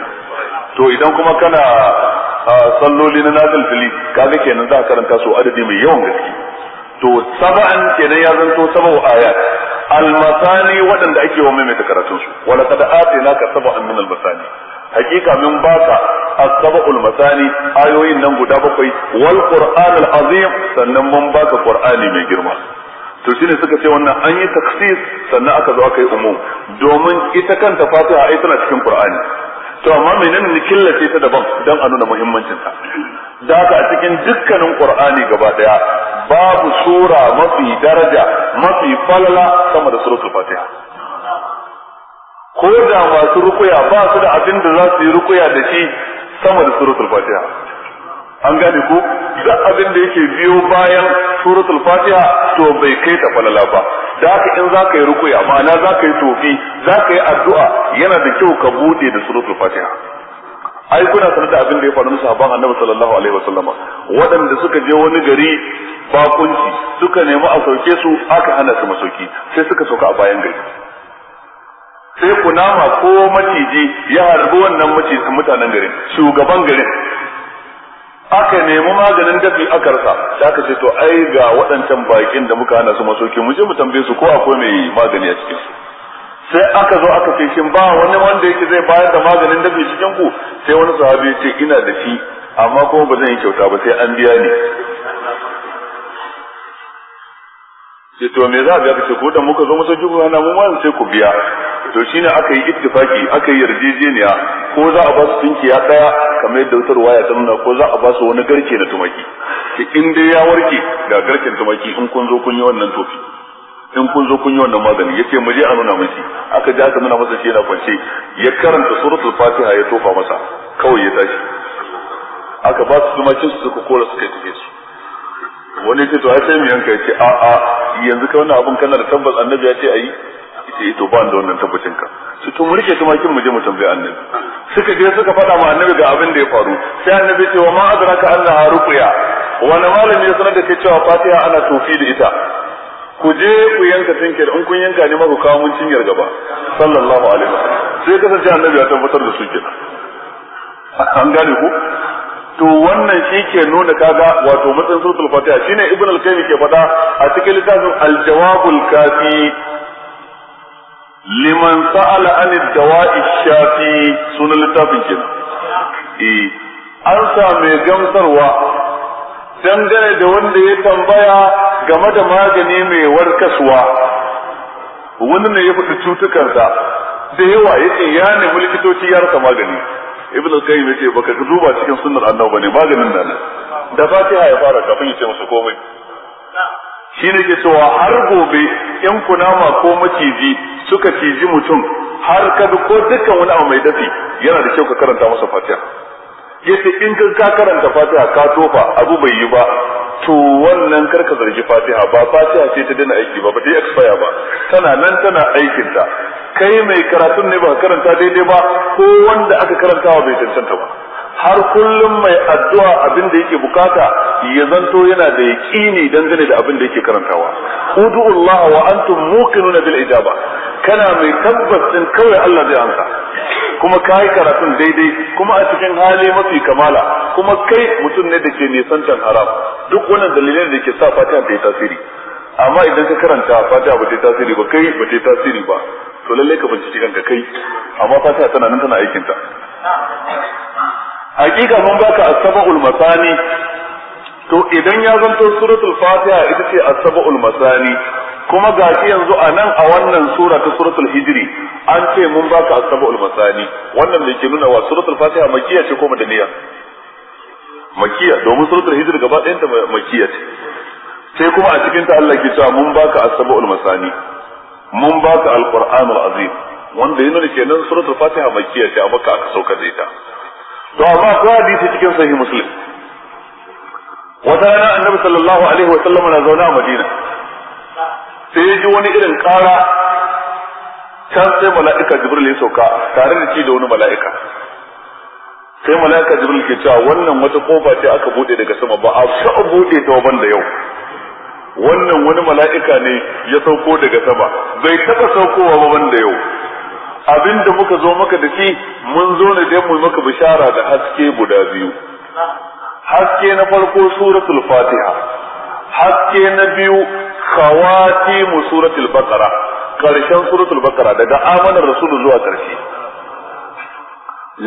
to idan kuma kana ah, salloli na nafil fili kaga kenan za ka karanta so adadi mai yawan gaske to saba'an kenan ya zanto wa ayat almasani waɗanda ake wa maimaita karatun su wala kada atina ka saba'an min almasani hakika min baka as-saba'ul masani ayoyin nan guda bakwai wal qur'an al-azim sannan mun baka qur'ani mai girma to shine suka ce wannan an yi taksis sannan aka zo aka yi umum domin ita kanta fatiha ai tana cikin qur'ani to amma menene ne killace ta daban don a nuna muhimmancin ta da haka a cikin dukkanin qur'ani gaba daya babu sura mafi daraja mafi falala sama da suratul fatiha ko da masu rukuya ba su da abin da za su yi rukuya da shi sama da suratul fatiha an gane ko da abin da yake biyo bayan suratul fatiha to bai kai ta falala ba da haka in za ka yi rukuya ma'ana za ka yi tofi za ka yi addu'a yana da kyau ka bude da suratul fatiha ai kuna sanar da abin da ya faru na ban annabi sallallahu alaihi wasallam waɗanda suka je wani gari bakunci suka nemi a sauke su aka hana su masauki sai suka sauka a bayan gari sai kunama ko maciji ya harbi wannan maciji mutanen garin shugaban garin aka nemi maganin dafi aka rasa da aka ce to ai ga waɗancan bakin da muka hana su masoki mu je mu tambaye su ko akwai mai magani a cikin su sai aka zo aka ce shin ba wani wanda yake zai bayar da maganin dafi cikin ku sai wani sahabi ya ce ina da shi amma kuma ba zan yi kyauta ba sai an biya ni ce to me za a biya ce ko da muka zo masauki ku ana mu wannan sai ku biya to shine aka yi ittifaki aka yi yarjejeniya ko za a ba su ya daya kamar yadda wutar waya ta nuna ko za a ba su wani garke na tumaki ki in dai ya warke ga garken tumaki in kun zo kun yi wannan tofi in kun zo kun yi wannan magani yace mu je a nuna miki aka ji aka nuna masa shi yana kwance ya karanta suratul fatiha ya tofa masa kawai ya tashi aka ba su tumakin su suka kora suka tafi su wani ce to sai mu yanka yace a a yanzu ka wannan abun kana da tabbas annabi ya ce ayi ce eh, to ba da wannan tabbacin ka su to murke rike tumakin mu je mu tambaye annabi suka je suka faɗa ma annabi ga abin da ya faru sai annabi ce wa ma adraka annaha ruqya wani malami ya sanar da kai cewa fatiha ana tofi da ita ku je ku yanka tinkir in kun yanka ne ma ku kawo mun cinyar gaba sallallahu alaihi wasallam sai kasance annabi ya tabbatar da su kenan an gane ku to wannan shi ke nuna kaga wato matsayin suratul fatiha shine ibn al-qayyim ke faɗa a cikin littafin al-jawabul kafi liman sa'ala an ad shafi sunan littafin kin. Eh, an same gamsarwa dangane da wanda ya tambaya game da magani mai warkaswa wani ne ya fita cutukansa da yawa ya ce ya nemi likitoci ya rasa magani ibn al-qayyim yace baka duba cikin sunnar annabi bane maganin nan da fatiha ya fara kafin ya ce musu komai shine ke cewa har gobe in kunama ko maciji suka ciji mutum har kada ko dukkan wani abu mai dafi yana da kyau ka karanta masa fatiha yace in ka karanta fatiha ka tofa abu bai yi ba to wannan karka zargi fatiha ba fatiha ce ta daina aiki ba ba dai expire ba tana nan tana aikin ta kai mai karatun ne ba karanta daidai ba ko wanda aka karanta ba bai cancanta ba har kullum mai addu'a abin da yake bukata ya zanto yana da yaqini dangane da abin da yake karantawa ud'u wa antum muqinuna bil ijaba kana mai tabbacin kawai Allah zai amsa kuma ka yi karatun daidai kuma a cikin hali mafi kamala kuma kai mutum ne da ke nisantan haram duk wannan dalilai da ke sa fatiha bai tasiri amma idan ka karanta fatiha ba ta tasiri ba kai ba ta tasiri ba to lalle ka bincike kanka kai amma fatiha tana nan tana aikin ta hakika mun baka as masani to idan ya zanto suratul fatiha ita ce as masani kuma ga shi yanzu a nan a wannan sura ta suratul hijri an ce mun ba ka asabul masani wannan da ke nuna wa suratul fatiha makiyya ce ko madaniya makiyya domin suratul hijri gaba ɗayan ta makiyya ce sai kuma a cikin ta Allah ke cewa mun baka asabul masani mun ka alqur'anul azim wanda yana da kenan suratul fatiha makiyya ce amma ka aka sauka da ita to amma ko hadisi cikin sahih muslim wata rana annabi sallallahu alaihi wa sallam na zauna a madina sai ya ji wani irin ƙara can sai mala'ika jibril ya sauka tare da shi da wani mala'ika sai mala'ika jibril ke cewa wannan wata kofa ce aka bude daga sama ba a sa bude ta ban da yau wannan wani mala'ika ne ya sauko daga sama bai taba saukowa ba ban da yau abinda muka zo maka da shi mun zo ne dai mu maka bishara da haske guda biyu haske na farko suratul fatiha haske na biyu mu suratul baqara karshen suratul baqara daga amanar rasulu zuwa karshe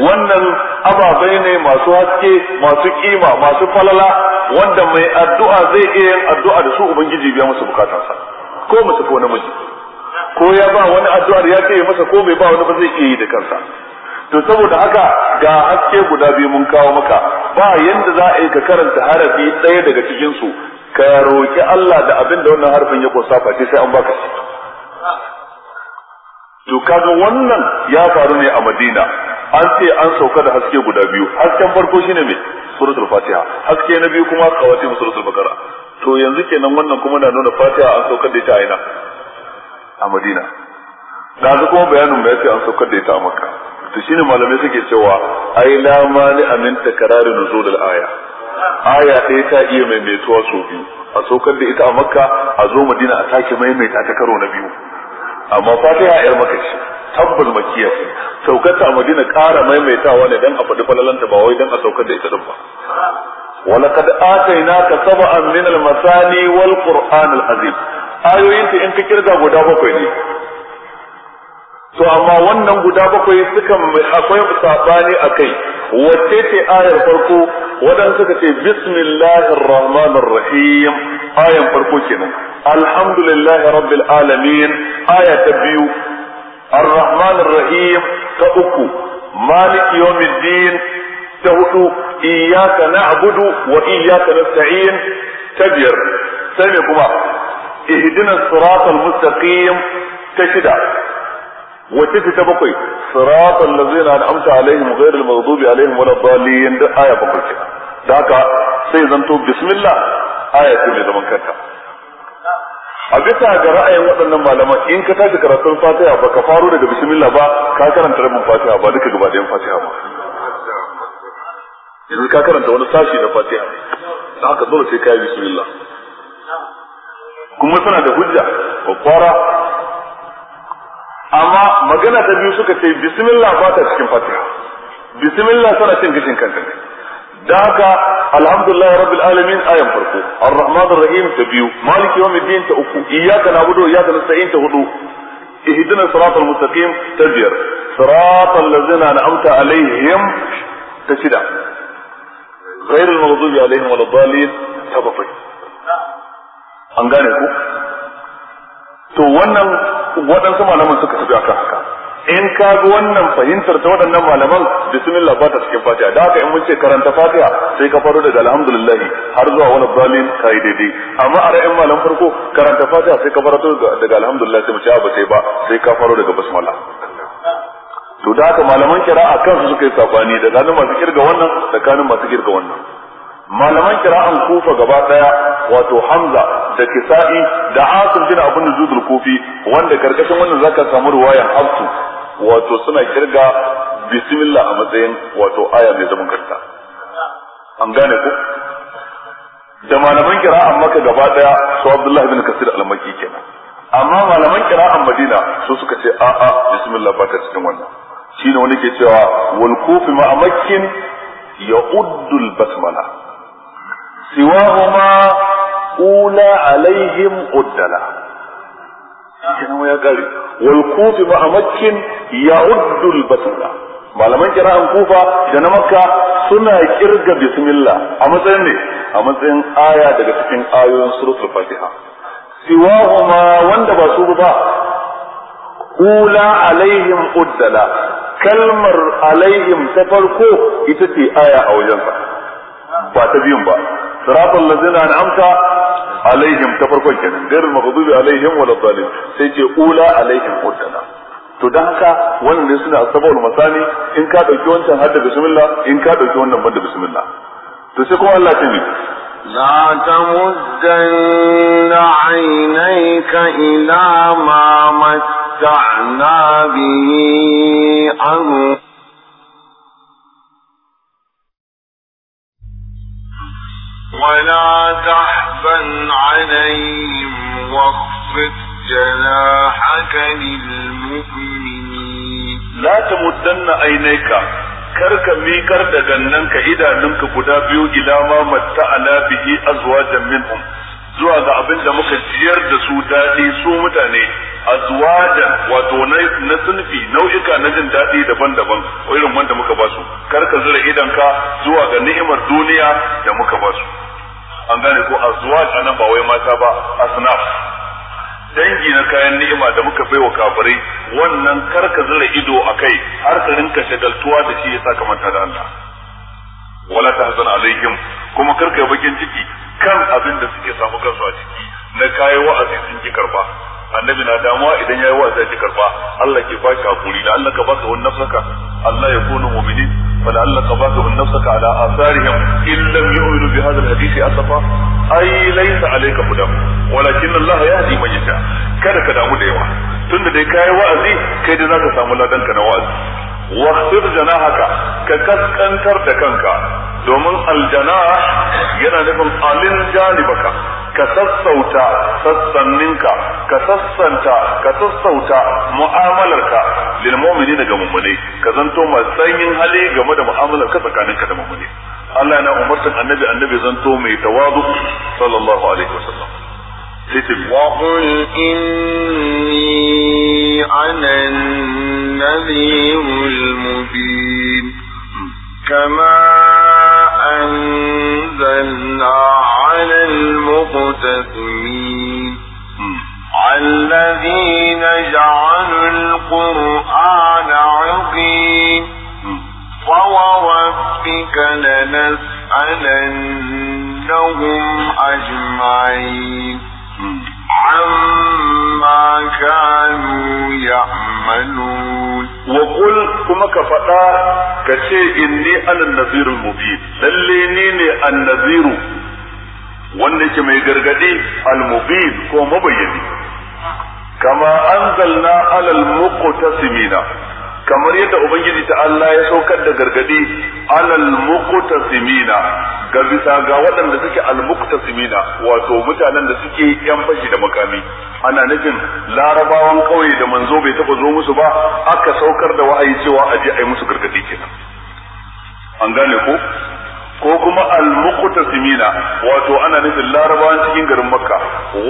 wannan ababai ne masu haske masu kima masu falala wanda mai addu'a zai iya yin addu'a da su ubangiji biya masa bukatarsa ko mutu ko namiji ko ya ba wani addu'ar ya ce masa ko bai ba wani ba zai iya yi da kansa to saboda haka ga haske guda biyu mun kawo maka ba yanda za a yi ka karanta harafi ɗaya daga cikin su ka roki Allah da abin da wannan harfin ya kosa fati sai an baka shi to kaga wannan ya faru ne a Madina an ce an sauka da haske guda biyu hasken farko shine mai suratul fatiha haske na biyu kuma kawati suratul bakara to yanzu kenan wannan kuma na nuna fatiha an saukar da ita a ina a Madina dazu kuma bayanin mu ce an saukar da ita a Makka to shine malamai suke cewa ai la mani amin takararin nuzulul aya aya ɗaya ta iya maimaituwa sau biyu a saukar da ita a makka a zo madina a sake maimaita ta karo na biyu amma fatiha yar maka ce tabbas makiya ce saukar ta a madina ƙara maimaitawa ne dan a faɗi falalanta ba wai dan a saukar da ita din ba ولقد آتيناك سبعا من المثاني والقرآن العظيم ayoyinta in ka kirga guda bakwai ne to amma wannan guda bakwai sukan akwai sabani a kai wacce ce ayar farko wadan suka ce bismillahir rahmanir rahim ayar farko kenan alhamdulillahi rabbil alamin aya ta biyu arrahmanir rahim ta uku maliki yawmiddin ta hudu iyyaka na'budu wa iyyaka nasta'in ta biyar sai kuma ihdinas siratal mustaqim ta shida wacce ta bakwai siratal ladzina an'amta alaihim ghairil maghdubi alaihim waladdallin da aya bakwai kenan da haka sai zanto bismillah aya ce mai zaman kanta a bisa ga ra'ayin waɗannan malaman in ka tashi karatun fatiha ba ka faro daga bismillah ba ka karanta rabin fatiha ba duka gaba ɗayan fatiha ba yanzu ka karanta wani sashi na fatiha da haka dole sai ka yi bismillah kuma suna da hujja kwakwara amma magana ta biyu suka ce bismillah ba ta cikin fatiha bismillah tana cin gishin kanta ne da haka alhamdulillah rabbil alamin ayan farko ar-rahman ar-rahim ta biyu maliki yawmiddin ta uku iyyaka na'budu wa iyyaka nasta'in ta hudu ihdina siratal mustaqim ta biyar siratal ladzina an'amta alaihim ta shida غير المغضوب عليهم ولا الضالين ta bakwai an gane ku to wannan waɗansu malaman suka tafi akan haka in ka ga wannan fahimtar ta waɗannan malaman bismillah ba ta cikin fatiha da haka in mun ce karanta fatiha sai ka faro daga alhamdulillah har zuwa wani dalil kai daidai amma a ra'ayin malam farko karanta fatiha sai ka faro daga alhamdulillah sai mu ce ah, ba sai ba sai ka faro daga basmala to da haka malaman a kansu suka yi sabani da tsakanin masu kirga wannan tsakanin masu kirga wannan malaman kira'an kufa gaba daya wato hamza da kisa'i da asim bin abun nuzul kufi wanda karkashin wannan zaka samu riwayan abtu wato suna kirga bismillah a matsayin wato aya mai zaman karta. an gane ku da malaman kira'an maka gaba daya su abdullahi bin kasir al-makki kenan amma malaman kira'an madina su suka ce a'a bismillah ba ta cikin wannan shine wani ke cewa wal kufi ma ya ya'uddu al-basmala siwahuma ula alaihim uddala kenan ya kare wal kufi ma amakkin ya'uddu al batula malaman kira'an kufa da na makka suna ƙirga bismillah a matsayin ne a matsayin aya daga cikin ayoyin suratul fatiha siwahuma wanda ba su ba ula alaihim uddala kalmar alaihim ta farko ita ce aya a wajensa ba ta biyun ba siratal ladzina an'amta alaihim ta farkon kenan gairul maghdubi alaihim wal dhalim sai ce ula alaihim qaddana to dan haka wannan ne suna asbabul masani in ka dauki wancan hadda bismillah in ka dauki wannan banda bismillah to sai kuma Allah ta bi la tamuddanna aynayka ila ma matta'na bihi an ولا تحزن عليهم واخفض جناحك للمؤمنين لا تمدن عينيك كرك ميكر دغننك اذا ننك غدا بيو الى ما متعنا به ازواجا منهم zuwa ga abin da muka jiyar da su daɗi su mutane da wato na sunfi nau'ika na jin daɗi daban-daban irin wanda muka ba su kar ka zura idanka zuwa ga ni'imar duniya da muka ba su an gane ko azwaj nan ba wai mata ba a asnaf dangi na kayan ni'ima da muka baiwa kafirai wannan karka ka zura ido akai har ka rinka shagaltuwa da shi yasa ka manta da Allah wala ta tahzan alaihim kuma karka yi bakin ciki kan abin da suke samu kansu a ciki na kayi wa'azi sun ki karba annabi na damuwa idan yayi wa'azi ya ki karba Allah ke baki hakuri da Allah ka baka wannan saka Allah ya kunu mu'minin fala Allah ka baka wannan saka ala asarihim in lam yu'minu bi hadha alhadisi asafa ay laysa alayka hudan walakin Allah yahdi man yasha kada ka damu da yawa tunda dai kayi wa'azi kai da zaka samu ladan ka na wa'azi na janahaka ka kaskantar da kanka domin aljanah yana nufin alin janibaka ka sassauta sassanninka ka sassanta ka sassauta mu'amalarka lil mu'minina ga mu'mini ka zanto ma sanyin hali game da mu'amalarka tsakaninka da mu'mini Allah yana umartar annabi annabi zanto mai tawazu sallallahu alaihi wasallam وقل إني أنا النذير المبين كما أنزلنا على المقتسمين الذين جعلوا القرآن عظيم فوربك لنسألنهم أجمعين عما كانوا يعملون وقل كما كفتا كشيء إني أنا النذير المبين لليني النذير wanda ke mai gargadi al-mubin ko mabayyani kama anzalna alal muqtasimina kamar yadda ubangiji ta Allah ya saukar da gargadi alal muqtasimina ga bisa ga waɗanda suke al muqtasimina wato mutanen da suke yan fashi da makami ana nufin larabawan kauye da manzo bai taba zo musu ba aka saukar da wa'ayi cewa a ai musu gargadi kenan an gane ko ko kuma al-muqtasimina wato ana nufin larabawan cikin garin makka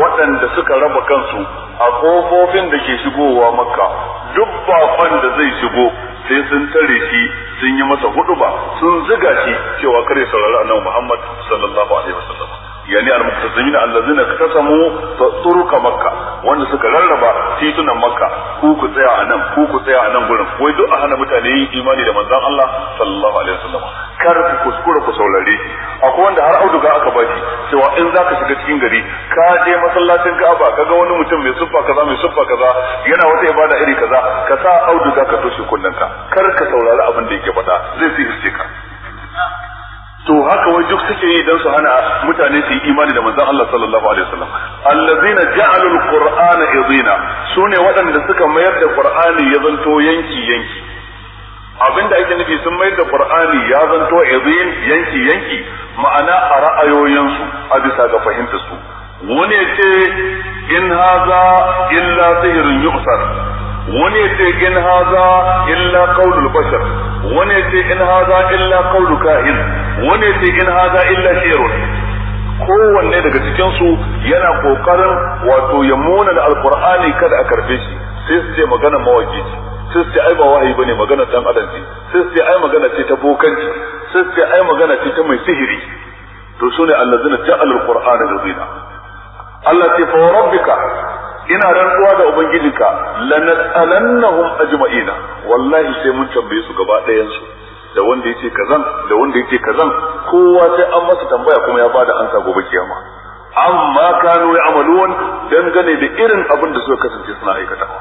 waɗanda suka raba kansu a kofofin da ke shigowa makka duk bakon da zai shigo sai sun tare shi sun yi masa huduba sun ziga shi cewa kare saurari annabi Muhammad sallallahu alaihi wasallam yani al-muqtasimin allazina iktasamu turuka makka wanda suka rarraba titunan makka ku ku tsaya a nan ku ku tsaya a nan gurin wai duk a hana mutane yin imani da manzon Allah sallallahu alaihi wasallam kar ku kuskura ku saurare akwai wanda har auduga aka baki cewa in zaka shiga cikin gari ka je masallacin Ka'aba kaga wani mutum mai suffa kaza mai suffa kaza yana wata ibada iri kaza ka sa auduga ka toshe kullanka kar ka saurari abin da yake faɗa zai sihirce ka to haka wai duk suke yi dan su hana mutane su yi imani da manzon Allah sallallahu alaihi wasallam allazina ja'alu alqur'ana idina sune waɗanda suka mayar da qur'ani ya zanto yanki yanki abinda ake nufi sun mayar da qur'ani ya zanto idin yanki yanki ma'ana a ra'ayoyinsu a bisa ga fahimtar su wani ya ce in haza illa sihirin yu'sar wani ya ce in haza illa qaulul bashar wani ya ce in haza illa qaulu ka'in wani ya ce in haza illa shi'run kowanne daga cikinsu yana kokarin wato ya muna da alqur'ani kada a karbe shi sai su ce magana mawaki ce sai su ce ai ba wahayi bane magana dan adam ce sai su ce ai magana ce ta bokanci sai su ce ai magana ce ta mai sihiri to sune allazina ja'alul qur'ana ghazina Allah ce fa rabbika ina rantsuwa da ubangijinka lanatsalannahum ajma'ina wallahi sai mun tambaye su gaba ɗayan su da wanda yace kazan da wanda yace kazan kowa sai an masa tambaya kuma ya bada ansa gobe kiyama amma kanu ya'malun dangane da irin abin da suka kasance suna aikatawa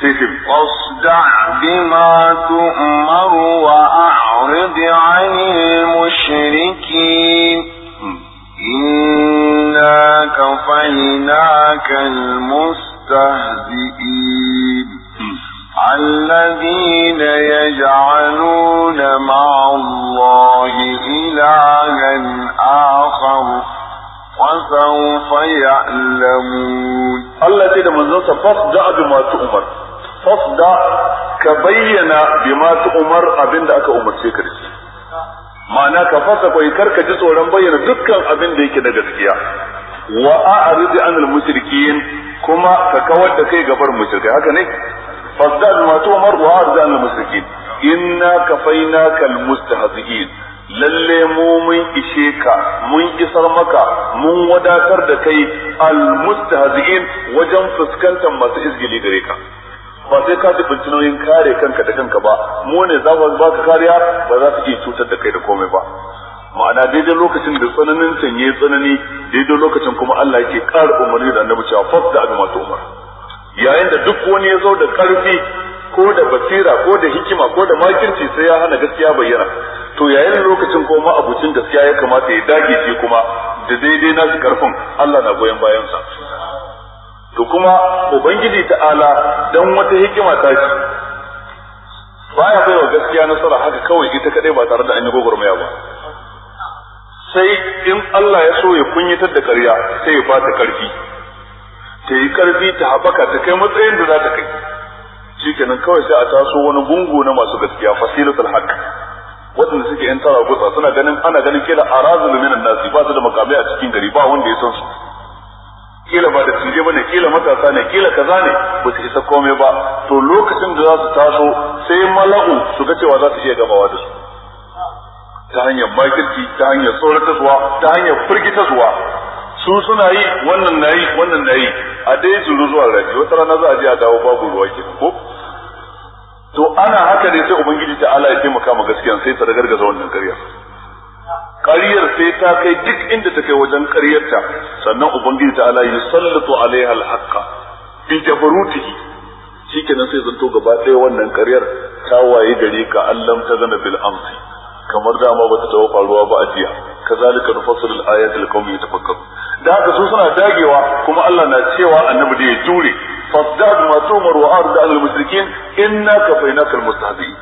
sai ce wasda bima tu'maru wa a'rid 'anil mushrikin hmm. كفيناك المستهزئين الذين يجعلون مع الله إلها آخر وسوف يعلمون الذين من ذنس فاصدع بما تؤمر فاصدع كبين بما تؤمر أبن لأك أمر شكرا ma'ana ka fasa bai karka ji tsoron bayyana dukkan abin da yake na gaskiya wa a'rid al mushrikin kuma ka kawar da kai gabar mushrikai haka ne fasdad ma na wa a'rid al mushrikin inna kafaina kal mustahzi'in lalle mu mun ishe ka mun isar maka mun wadatar da kai al mustahzi'in wajen fuskantar masu izgili gare ka ba sai ka ji bincinoyin kare kanka da kanka ba mu ne za ba ka kariya ba za su iya cutar da kai da komai ba ma'ana daidai lokacin da tsananin sanye tsanani daidai lokacin kuma Allah yake ƙara umarni da annabi cewa fas da abin umar yayin da duk wani ya zo da ƙarfi ko da basira ko da hikima ko da makirci sai ya hana gaskiya bayyana to yayin lokacin ko abucin gaskiya ya kamata ya dage shi kuma da daidai shi karfin Allah na goyon bayansa to kuma ubangiji ta'ala dan wata hikima ta ci baya bai wa gaskiya nasara haka kawai ita kadai ba tare da an yi gwagwarmaya ba sai in Allah ya so ya kunyatar da ƙarya sai ya bata ƙarfi ta yi ƙarfi ta haɓaka ta kai matsayin da za ta kai shikenan kawai sai a taso wani gungu na masu gaskiya fasilatul haq. waɗanda suke yan tara gutsa suna ganin ana ganin kila arazul minan nasi ba su da makamai a cikin gari ba wanda ya san su kila ba da tije bane kila matasa ne kila kaza ne ba su isa komai ba to lokacin da za su taso sai mala'u su ga cewa za su iya gamawa da su ta hanyar makirci ta hanyar tsoratarwa ta hanyar firgitarwa su suna yi wannan na yi wannan na yi a dai zuru zuwa rafi wata rana za a je a dawo babu ruwa ke ko to ana haka ne sai ubangiji ta ala ya taimaka ma gaskiya sai ta ragargaza wannan karyar ƙaryar sai ta kai duk inda ta kai wajen ƙaryarta sannan ubangiji ta ala yusallatu alaiha alhaqqa bi jabarutihi shikenan sai zanto gaba ɗaya wannan ƙaryar ta waye gare ka allam ta zana bil amsi kamar dama bata ta taɓa faruwa ba a jiya kazalika nufassilul ayati liqaumin yatafakkarun da haka su suna dagewa kuma Allah na cewa annabi da ya jure fasdad ma tumar wa arda al mushrikin inna kafainaka al ya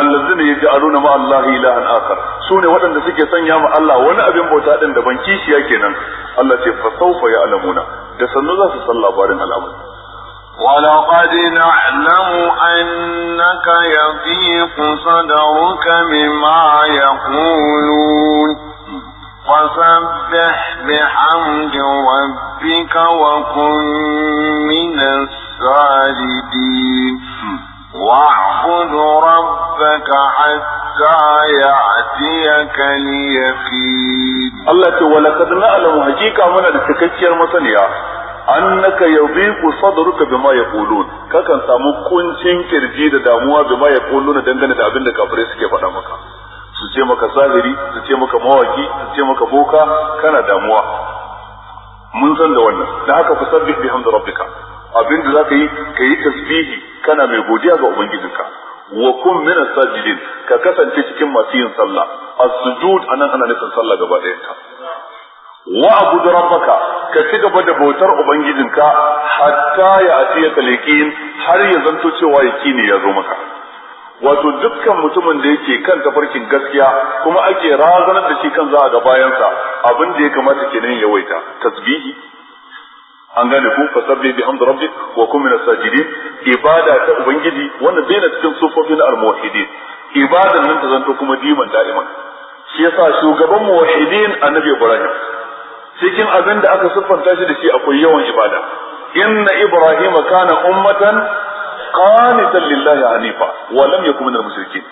allazina yaj'aluna ma Allah ilahan akhar sune waɗanda suke sanya ma Allah wani abin bauta din da ban kishiya kenan Allah ce fa sawfa ya'lamuna da sannu za su san labarin al'amari ولقد نعلم أنك يضيق صدرك مما يقولون فسبح بحمد ربك وكن من الساجدين واعبد ربك حتى يأتيك اليقين الله ولقد نعلم هجيك من التكتير مثلا annaka yadhiqu sadruka bima yaqulun kakan samu kuncin kirji da damuwa bima yaquluna dangane da abin da kafirai suke faɗa maka su ce maka sahiri su ce maka mawaki su ce maka boka kana damuwa mun san da wannan dan haka fasabbih bihamdi rabbika abin da zaka yi kayi tasbihi kana mai godiya ga ubangijinka wa kun min sajidin ka kasance cikin masu yin sallah as-sujud anan ana nufin sallah gaba ɗayan wa abudu rabbaka ka ci gaba da bautar ubangijinka hatta ya atiyaka yaqin har ya zanto cewa yaqini ya zo maka wato dukkan mutumin da yake kan tafarkin gaskiya kuma ake razanar da shi kan za a ga bayansa abin da ya kamata kenan ya waita tasbihi an gane ku fasabbi bi hamd rabbik wa kun min sajidin ibada ta ubangiji wanda bai na cikin sufofin al-muwahhidin ibadan nan ta zanto kuma diman da'iman shi yasa shugaban muwahhidin annabi Ibrahim cikin abin da aka siffanta shi da shi akwai yawan ibada inna ibrahima kana ummatan qanitan lillahi hanifa wa lam yakun minal mushrikin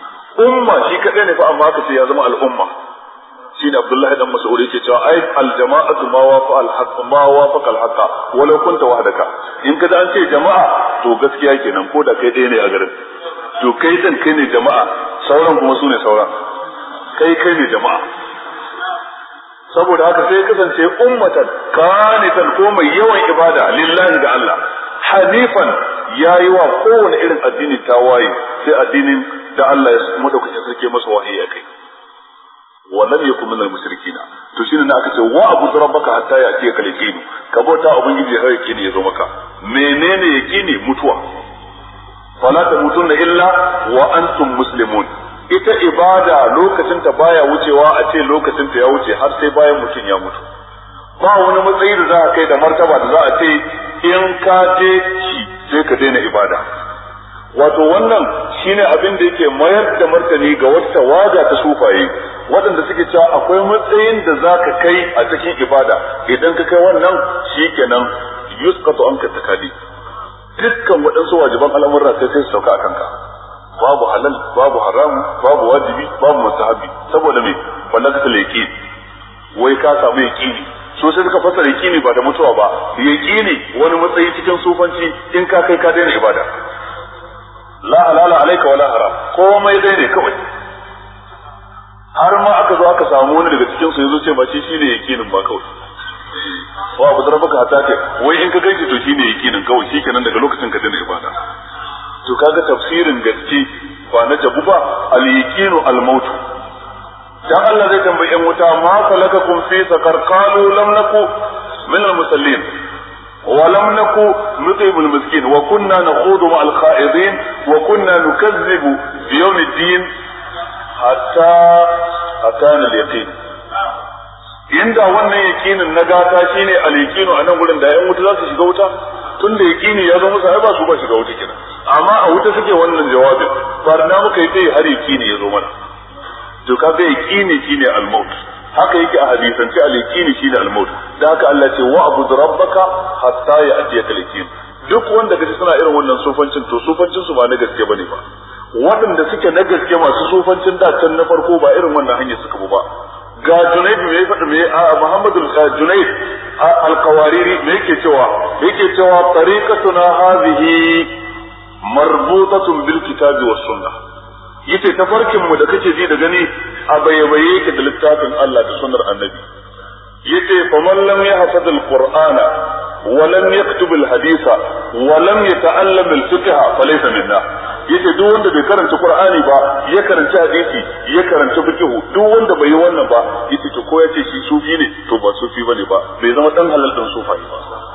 umma shi kadai ne fa amma aka ce ya zama al'umma shine abdullahi dan mas'ud yake cewa ai al jama'atu ma wafa al haqq ma al haqq kunta wahdaka in kaza an ce jama'a to gaskiya kenan ko da kai ɗaya ne a garin to kai dan kai ne jama'a sauran kuma su ne sauran kai kai ne jama'a saboda haka sai kasance ummatan qanitan ko mai yawan ibada lillahi da Allah hanifan yayi wa kowane irin addini tawaye sai addinin da Allah ya madaukake sarki masa wahayi akai wa lam yakun minal mushrikeen to shine na aka ce wa abu rabbaka hatta ya ce kal yaqin ka bauta ubangiji har yaqin ya zo maka menene yake ne mutuwa fala tamutunna illa wa antum muslimun ita ibada lokacin ta baya wucewa a ce lokacin ta ya wuce har sai bayan mutum ya mutu ba wani matsayi da za a kai da martaba da za a ce in ka je shi sai ka daina ibada wato wannan shine abin da yake mayar da martani ga wata waga ta sufaye waɗanda suke cewa akwai matsayin da za ka kai a cikin ibada idan ka kai wannan shikenan yusqatu anka takadi. dukkan waɗansu wajiban al'amurra sai sai su sauka a kanka babu halal babu haram babu wajibi babu mustahabi saboda me falakta laqin wai ka samu yaqini so sai suka fasara yaqini ba da mutuwa ba yaqini wani matsayi cikin sufanci in ka kai ka daina ibada la halala alayka wala haram komai dai ne kawai har ma aka zo aka samu wani daga cikin su yazo ce ba shi shine yaqinin ba kawai wa abu da rabaka hatta ce wai in ka gaji to shine yaqinin kawai shikenan daga lokacin ka daina ibada to kaga tafsirin gaske ba na jabu ba al yaqinu al maut dan Allah zai tambayi yan wuta ma salakakum fi sakar qalu lam naku min al musallin wa lam naku nutib al miskin wa kunna nakhudu ma al khaidin wa kunna nukazzibu bi yawm ad din hatta atana al yaqin inda wannan yakinin na gata shine al yaqinu anan gurin da yan wuta za su shiga wuta tunda yaqini ya zama sai ba su ba shiga wuta kenan amma a wuta suke wannan jawabin barna muka yi sai har yaqini ya zo mana to ka yaqini shine al-maut haka yake a hadisance al-yaqini shine al-maut da haka Allah ce wa'bud rabbaka hatta ya'tiyaka al-yaqin duk wanda kaji suna irin wannan sufancin to sufancin su ba na gaske bane ba waɗanda suke na gaske masu sufancin da can na farko ba irin wannan hanyar suka bu ba ga Junaid me ya faɗi me a Muhammad al-Junaid al-Qawariri me yake cewa yake cewa tariqatuna hadhihi marbutatun bil kitabi was sunna yace tafarkin mu da kake ji da gani a bayabaye yake da littafin Allah da sunnar annabi yace faman lam yahfaz alqur'ana wa lam yaktub alhadisa wa lam yata'allam fa falaysa minna yace duk wanda bai karanta qur'ani ba ya karanta hadisi ya karanta fiqhu duk wanda bai yi wannan ba yace to ko yace shi sufi ne to ba sufi bane ba bai zama dan halal dan sufa ba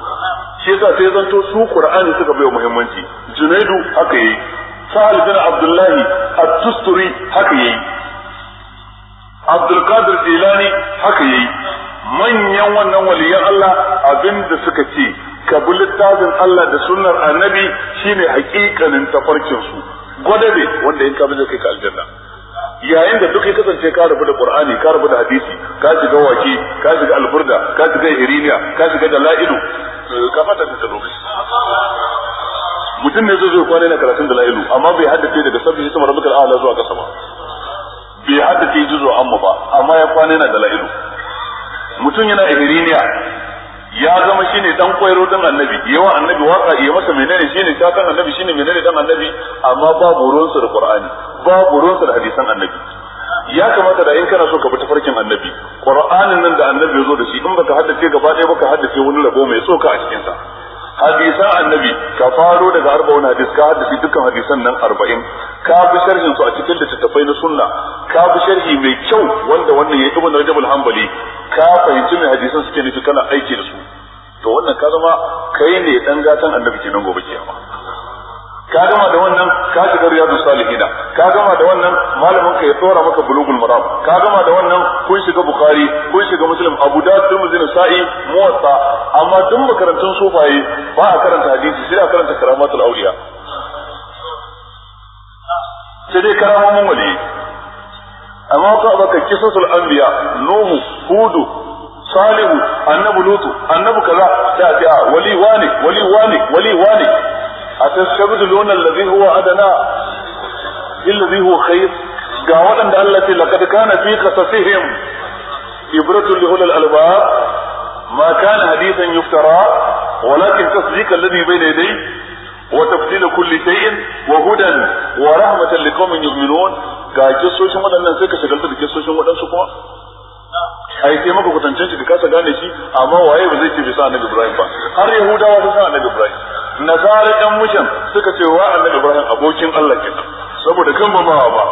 shi yasa sai zanto su qur'ani suka bai muhimmanci junaidu haka yayi sahal bin abdullahi at-tusturi haka yayi abdul qadir jilani haka yayi manyan wannan waliyan Allah abinda suka ce ka bi littafin Allah da sunnar annabi shine hakikanin tafarkin su gwada ne wanda in ka bi kai ka aljanna yayin da duk ya kasance ka rabu da qur'ani ka rabu da hadisi ka shiga waki ka shiga alburda ka shiga iriniya ka shiga dalailu ka fata ta lokaci mutum ne zai zo kwana na karatun dalailu amma bai haddace daga sabbi isma rabbikal a'la zuwa ka sama bai haddace juzu amma ba amma ya kwana da dalailu mutum yana iriniya ya zama shine dan koyro dan annabi yawa annabi waka ya masa menene shine shatan annabi shine menene dan annabi amma babu ruwan su da qur'ani babu ruwan su da hadisan annabi ya kamata da in kana so ka bi tafarkin annabi qur'anin nan da annabi ya zo da shi in baka haddace gaba ɗaya baka haddace wani rabo mai tsoka a cikin sa hadisan annabi ka faro daga arba'un hadis ka haddace dukkan hadisan nan arba'in ka fi sharhin su a cikin littattafai na sunna ka fi sharhi mai kyau wanda wannan ya ibn rajab al-hanbali ka fahimci mai hadisan suke nufi kana aiki da su to wannan ka zama kai ne dan gatan annabi kenan gobe kiyama ka gama da wannan ka shiga riyadu salihina ka gama da wannan malamin ka ya tsora maka bulugul maram ka gama da wannan kun shiga bukhari kun shiga muslim abu da turmuzi sa'i muwatta amma duk makarantun sufaye ba a karanta hadisi sai a karanta karamatul auliya sai dai karamomin wali amma ka baka kisasul anbiya nuhu hudu salihu annabi lutu annabi kaza sai a ce ah, wali wane wali wane wali wane أتستبدلون الذي هو أدنى الذي هو خير ga waɗanda Allah ce laqad kana fi qasasihim ibratun li ulil albab ma kana hadithan yuftara walakin tasdiq alladhi bayna yadayhi wa tafsil kulli shay'in wa hudan wa rahmatan liqaumin yu'minun ga kissoshin waɗannan sai ka shagalta da kissoshin waɗansu kuma ai sai maka kutancin shi ka kasa gane shi amma waye ba zai ce bisa annabi Ibrahim ba har Yahudawa sun san annabi Ibrahim Nasari ɗan mushan suka ce wa annabi ibrahim abokin Allah kenan saboda kan ba ba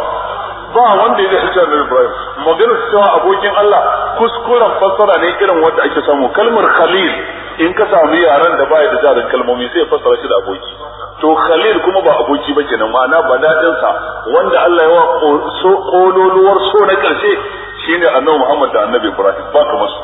ba wanda ya zai annabi ibrahim maganar cewa abokin Allah kuskuren fassara ne irin wanda ake samu kalmar khalil in ka samu yaran da baya da jarin kalmomi sai fassara shi da aboki to khalil kuma ba aboki ba kenan ma'ana ba sa wanda Allah ya wa kololuwar so na karshe shine annabi Muhammad da annabi Ibrahim ba kamar su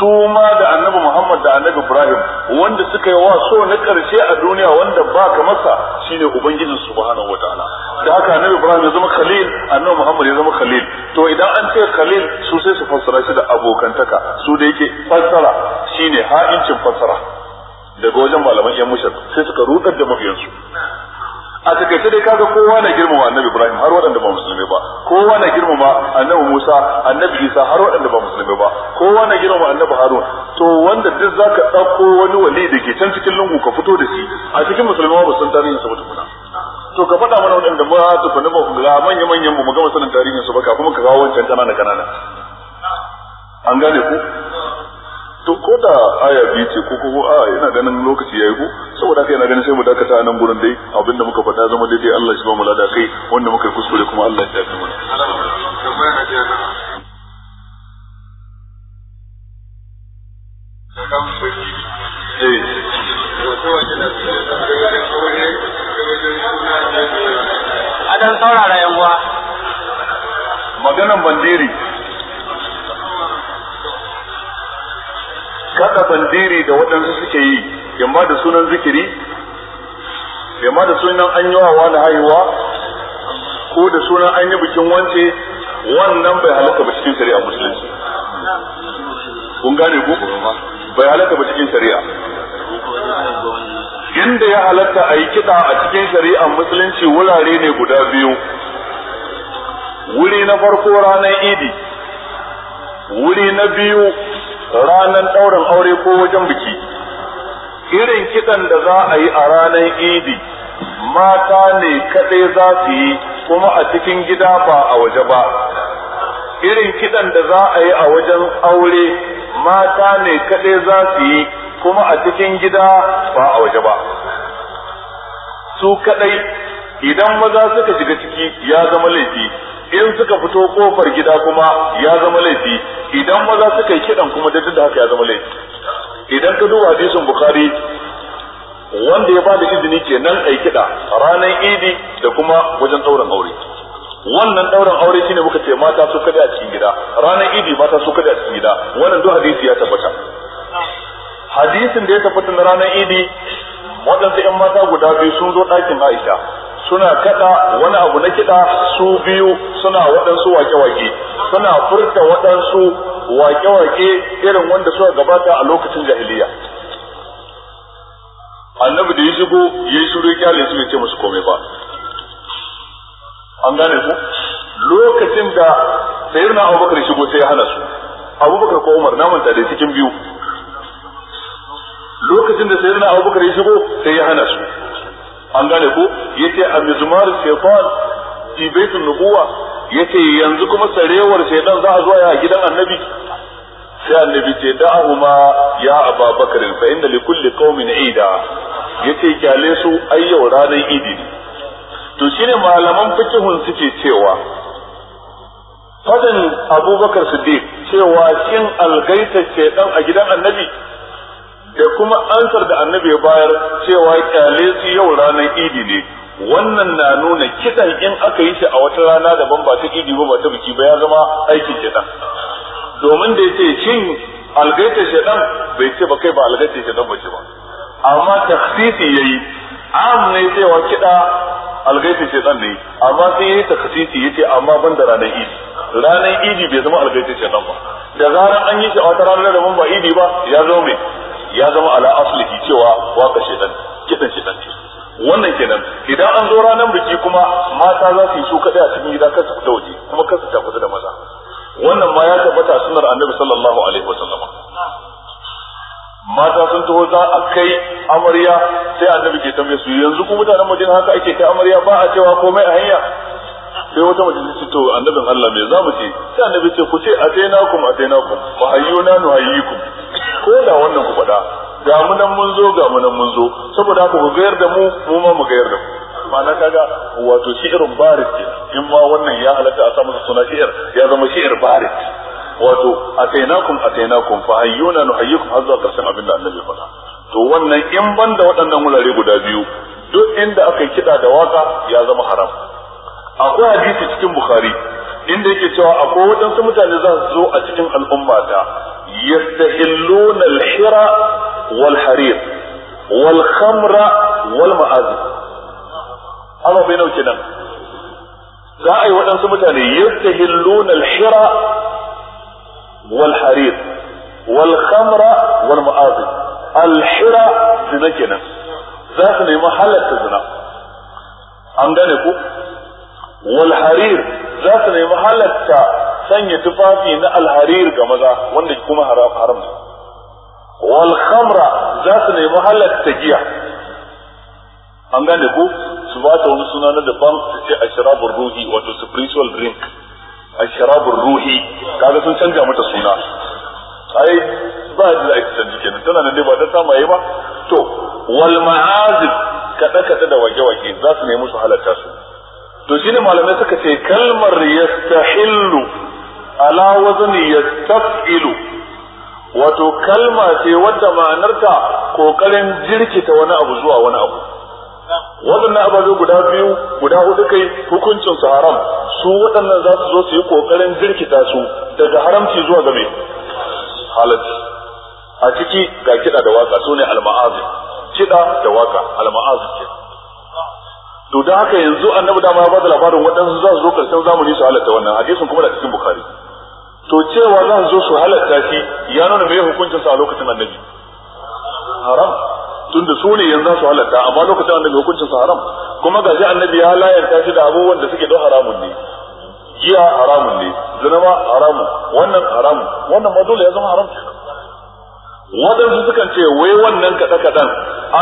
su ma da annabi Muhammad da annabi Ibrahim wanda suka yi wa so na karshe a duniya wanda ba ka masa shine ubangijin subhanahu wataala da haka annabi Ibrahim ya zama khalil annabi Muhammad ya zama khalil to idan an ce khalil su sai su fassara shi da abokantaka su da yake fassara shine ha'incin fassara daga wajen malaman yan mushrik sai suka rutsar da mafiyansu. a takaice dai kaga kowa na girmama annabi Ibrahim har waɗanda ba musulmi ba kowa na girmama annabi Musa annabi Isa har waɗanda ba musulmi ba kowa na girmama annabi Harun to wanda duk zaka ɗauko wani wali da ke can cikin lungu ka fito da shi a cikin musulmi ba san tarihi sa ba kuna. to ka faɗa mana waɗanda ba tukuna ba ga manya manyan mu ga sanin tarihin su ba kafin ka kawo wancan kanana ƙanana. an gane ku to ko da aya biyu ce ko kuma a ina ganin lokaci yayi ko saboda haka ina ganin sai mu dakata a nan gurin dai abinda muka faɗa zama daidai Allah shi ba mu lada kai wanda muka yi kuskure kuma Allah ya tafi mana Adan saurara yan uwa. Maganan bandiri. kada bandere da waɗansu suke yi yamma da sunan zikiri yamma da sunan an yi wa da haihuwa ko da sunan an yi bikin wance wannan bai halaka ba cikin shari'a musulunci kun gane ku bai halaka ba cikin shari'a inda ya halatta a yi kiɗa a cikin shari'a musulunci wurare ne guda biyu wuri na farko ranar idi wuri na biyu Ranan ɗaurin aure ko wajen biki irin kiɗan da za a yi a ranan idi mata ne kaɗai za su yi kuma a cikin gida ba a waje ba irin kiɗan da za a yi a wajen aure mata ne kaɗai za su yi kuma a cikin gida ba a waje ba su kaɗai idan maza suka shiga ciki ya zama laifi in suka fito kofar gida kuma ya zama laifi idan maza suka yi kiɗan, kuma daidai da haka ya zama laifi idan ka duba hadisin bukhari wanda ya bada izini kenan ai kiɗa, ranar idi da kuma wajen dauran aure wannan dauran aure shine muka ce mata su kada a cikin gida ranar idi mata su kada a cikin gida wannan duk hadisi ya tabbata hadisin da ya tabbata na ranar idi waɗansu 'yan mata guda biyu sun zo ɗakin Aisha suna kada wani abu na kiɗa su biyu suna waɗansu wake-wake suna furta waɗansu wake-wake irin wanda suka gabata a lokacin jahiliya annabi da ya shigo ya yi shiru kyale su ce musu komai ba an gane ku lokacin da sayyidina abubakar shigo sai ya hana su abubakar ko umar manta da cikin biyu lokacin da sayyidina abubakar ya shigo sai ya hana su an gane ko yace a mizmar shaytan fi baitun nubuwa yace yanzu kuma sarewar shaytan za a zo ya gidan annabi sai annabi ce da'ahuma ya ababakar fa inna li kulli qaumin ida yace kyale su ayyau ranar idi to shine malaman fikihun suke cewa fadin abubakar siddiq cewa kin algaita shaytan a gidan annabi da kuma ansar da annabi bayar cewa kyale su yau ranar idi ne wannan na nuna kidan in aka yi shi a wata rana daban ba ta idi ba ta biki ba ya zama aikin kidan domin da yace shin algaita shedan bai ce ba kai ba algaita shedan ba ce ba amma takhsisi yayi am ne cewa kida algaita shedan ne amma sai yayi takhsisi yace amma ban da ranar idi ranar idi bai zama algaita shedan ba da zarar an yi shi a wata rana daban ba idi ba ya zo mai ya zama ala aslihi cewa waka shedan kidan shedan ce wannan kenan idan an zo ranar biki kuma mata za su yi su kada a cikin gida su fita waje kuma kasu ta kudu da maza wannan ma ya tabbata sunnar annabi sallallahu alaihi wasallam mata sun taho za a kai amarya sai annabi ke tambaye su yanzu kuma mutanen madina haka ake kai amarya ba a cewa komai a hanya sai wata mace ta to annabin Allah me za mu ce sai annabi ce ku ce atainakum atainakum wa hayyuna nuhayyikum shaida wannan ku faɗa ga mu nan mun zo ga mu nan mun zo saboda haka ku gayar da mu mu ma mu gayar da ku ma'ana kaga wato shi'irin barit in ma wannan ya halatta a samu suna shi'ir ya zama shi'ir barit wato atainakum atainakum fa hayyuna nuhayyikum har qasam karshen abin da annabi faɗa to wannan in banda waɗannan wurare guda biyu duk inda aka kiɗa da waka ya zama haram akwai hadisi cikin bukhari inda yake cewa akwai waɗansu mutane za su zo a cikin al'umma ta yastahilluna al-hira wal harir wal khamra wal ma'azi amma bai nauke nan za a yi waɗansu mutane yastahilluna al-hira wal harir wal khamra wal ma'azi al-hira zina kenan za su nemi halatta zina an gane ku walharir za su nemi halatta sanya tufafi na alharir ga maza wanda kuma haram ne wal za su nemi halatta giya an gane ko su ba ta wani suna na daban su ce ashrabur ruhi wato spiritual drink A ashrabur ruhi kaga sun canja mata suna ai ba da ake canji kenan tana nan dai ba ta samaye ba to wal ma'azib kada kada da waje waje za su nemi su halatta su to shi ne malamai suka ce kalmar yastahillu ala wazan yastafilu wato kalma ce wadda ma'anarta kokarin jirkita wani abu zuwa wani abu waɗannan ababe guda biyu guda hudu kai hukuncin su haram su waɗannan za su zo su yi kokarin jirkita su daga haramci zuwa game halatti a ciki ga kiɗa da waka su ne kiɗa da waka alma'azin kenan to da haka yanzu annabi dama ya bada labarin waɗansu za su zo karshen zamani su halatta wannan hadisin kuma da cikin bukhari to cewa za su zo su halatta shi ya nuna me hukuncin sa a lokacin annabi haram tunda su ne yanzu su halatta amma lokacin annabi hukuncin sa haram kuma ga ji annabi ya layanta shi da abubuwan da suke don haramun ne giya haramun ne zinama haramun wannan haramun wannan ma dole ya zama haram kenan waɗansu sukan ce wai wannan kaɗe kaɗan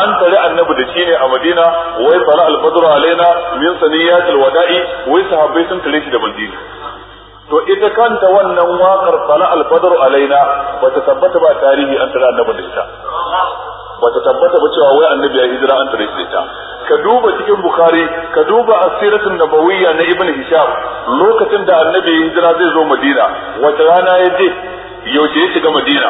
an tare annabi da shi ne a madina wai tsara alfadar alaina min saniyatul wada'i wai sahabbai sun tare shi da madina to ita kanta wannan waƙar tsara alfadar alaina ba ta tabbata ba tarihi an tare annabi da ita ba ta tabbata ba cewa wai annabi ya hijira an tare shi da ita ka duba cikin bukari, ka duba asiratun nabawiyya na ibn hisham lokacin da annabi ya hijira zai zo madina wata rana ya je yaushe ya shiga madina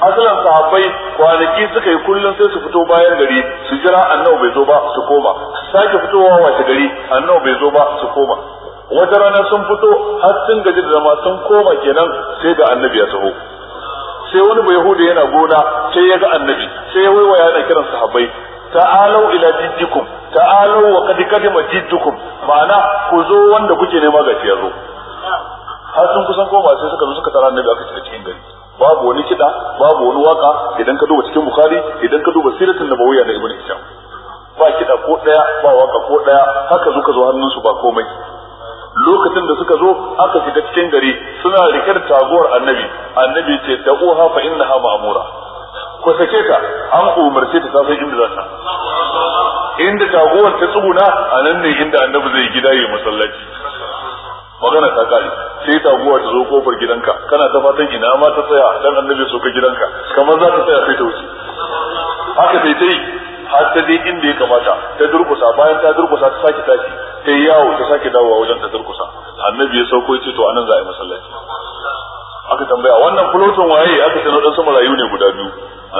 Asalin sahabbai kwanaki suka yi kullum sai su fito bayan gari su jira annabi bai zo ba su koma su sake fitowa washe gari annabi bai zo ba su koma wata rana sun fito har sun gaji da zama sun koma kenan sai ga annabi ya taho sai wani bai yahuda yana gona sai ya ga annabi sai ya waya yana kiran sahabbai ta'alu ila jiddikum ta'alu wa qad kadima jiddukum ma'ana ku zo wanda kuke nema gaci ya zo har sun kusan koma sai suka zo suka tara annabi aka ce babu wani kida babu wani waka idan ka duba cikin bukhari idan ka duba siratul nabawiyya da ibnu hisham ba kida ko daya ba waka ko daya haka zuka zo hannun su ba komai lokacin da suka zo aka fita cikin gari suna rike da taguwar annabi annabi ce da uha fa innaha ma'mura ko sake ta an umarce ta sai inda za ta inda taguwar ta tsuguna a nan ne inda annabi zai gida ya masallaci magana ta kare sai taguwa ta zo kofar gidanka kana ta fatan ina ma ta tsaya dan annabi so ka gidanka kamar za ta tsaya sai ta wuce haka bai ta har ta dai inda ya kamata ta durkusa bayan ta durkusa ta sake tashi ta yi yawo ta sake dawowa wajen ta durkusa annabi ya sauko ya ce to anan za a yi masallaci aka tambaya wannan fulotin waye aka ce na dan sama rayu ne guda biyu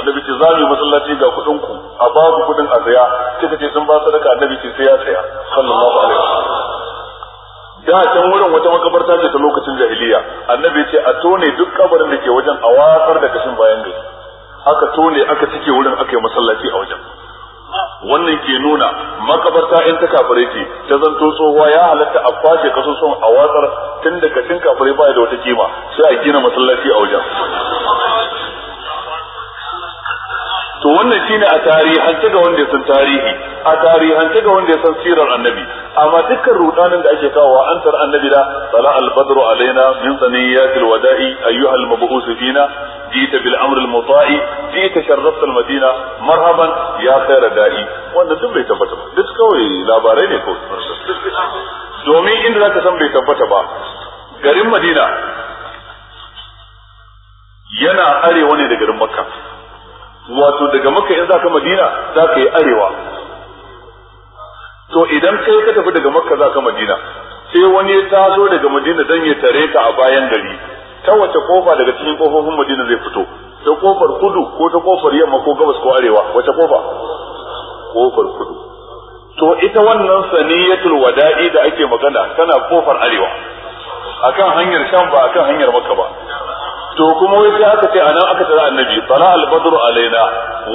annabi ce za mu yi masallaci ga kuɗin ku a babu kuɗin a tsaya kika ce sun ba sadaka annabi ce sai ya tsaya sallallahu alaihi wasallam da can wurin wata makabarta ce ta lokacin jahiliya annabi ce a tone duk kabarin da ke wajen a watsar da kashin bayan gari aka tone aka cike wurin aka yi masallaci a wajen wannan ke nuna makabarta in ta kafare ce ta zanto tsohuwa ya halatta a kwashe kasusun a watsar tun da kashin kafare baya da wata kima sai a gina masallaci a wajen to wannan shine a tarihance ga wanda ya san tarihi a tarihance ga wanda ya san sirar annabi amma dukkan rudanin da ake kawo an tar annabi da sala al badru alaina min saniyat al wada'i ayyuha al fina jita bil amr al muta'i jita sharrafta al madina marhaban ya khaira da'i Wannan duk bai tabbata ba duk kawai labarai ne ko domin inda zaka san bai tabbata ba garin madina yana arewa ne da garin makka wato daga makka in zaka madina zaka yi arewa to idan kai ka tafi daga makka za ka madina sai wani ya taso daga madina dan ya tare ka a bayan gari ta wace kofa daga cikin kofofin madina zai fito ta kofar kudu ko ta kofar yamma ko gabas ko arewa wace kofa kofar kudu to ita wannan saniyatul wada'i da ake magana tana kofar arewa akan hanyar sham ba akan hanyar makka ba to kuma wai sai aka ce anan aka tara annabi tala al badru alaina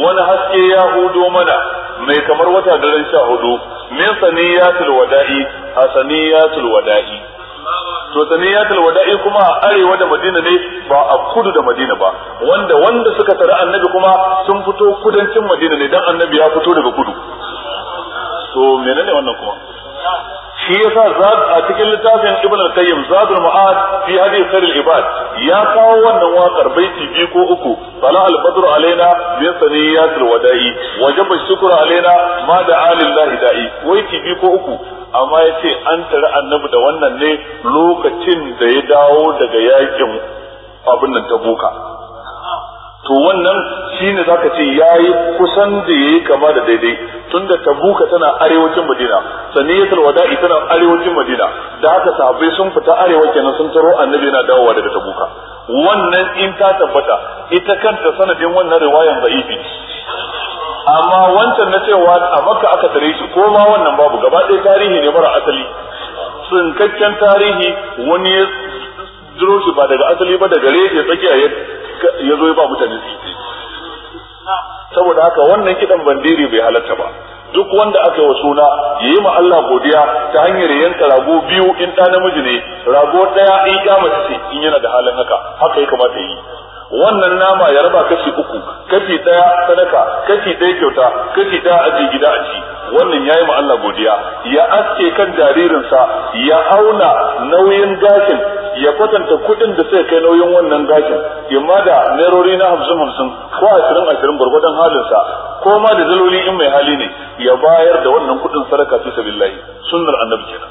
wani haske ya hudo mana mai kamar wata daren sha hudu min saniyatul wada'i a saniyatul wada'i to saniyatul wada'i kuma a arewa da madina ne ba a kudu da madina ba wanda wanda suka tare annabi kuma sun fito kudancin madina ne dan annabi ya fito daga kudu to menene wannan kuma shi yasa a cikin littafin ibnu al-qayyim zadul ma'ad fi hadith al ibad ya kawo wannan wakar baiti biyu ko uku sala al badru alaina min saniyatil wada'i wajaba shukru alaina ma da alillahi da'i waiti biyu ko uku amma yace an tare annabi da wannan ne lokacin da ya dawo daga yakin abin nan ta buka to wannan shine zaka ce yayi kusan da yayi kama da daidai tunda tabuka tana arewacin madina saniyatul wada'i tana arewacin madina da haka sahabbai sun fita arewa kenan sun taro annabi yana dawowa daga tabuka wannan in ta tabbata ita kanta sanadin wannan riwayan da'ifi amma wancan na cewa a makka aka tare shi ko ma wannan babu gaba ɗaya tarihi ne mara asali tsinkakken tarihi wani ya jiro shi ba daga asali ba daga reshe tsakiya ya zo ya ba mutane su yi saboda haka wannan kidan bandiri bai halatta ba duk wanda aka yi wa suna ya yi ma Allah godiya ta hanyar yanka rago biyu in ɗa namiji ne rago ɗaya in ya mace in yana da halin haka haka ya kamata yi wannan nama ya raba kashi uku kashi daya sadaka kashi daya kyauta kashi daya aji gida a ci wannan yayi ma Allah godiya ya aske kan jaririnsa ya auna nauyin gashin ya kwatanta kudin da sai kai nauyin wannan gashin imma da nerori na hamsin hamsin ko ashirin ashirin gwargwadon halinsa ko ma da daloli in mai hali ne ya bayar da wannan kudin sadaka fi sabilillahi sunnar annabi kenan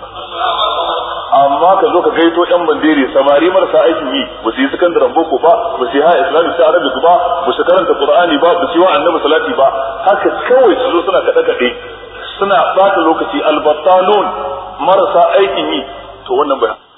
amma ka zo ka gaito yan bandere samari marasa aikin yi ba su yi sakandaren boko ba ba su yi fiqh islam ta arabic ba ba su karanta qur'ani ba ba su wa annabi salati ba haka kawai su zo suna kada kade suna bata lokaci albattalun marasa aikin yi to wannan bai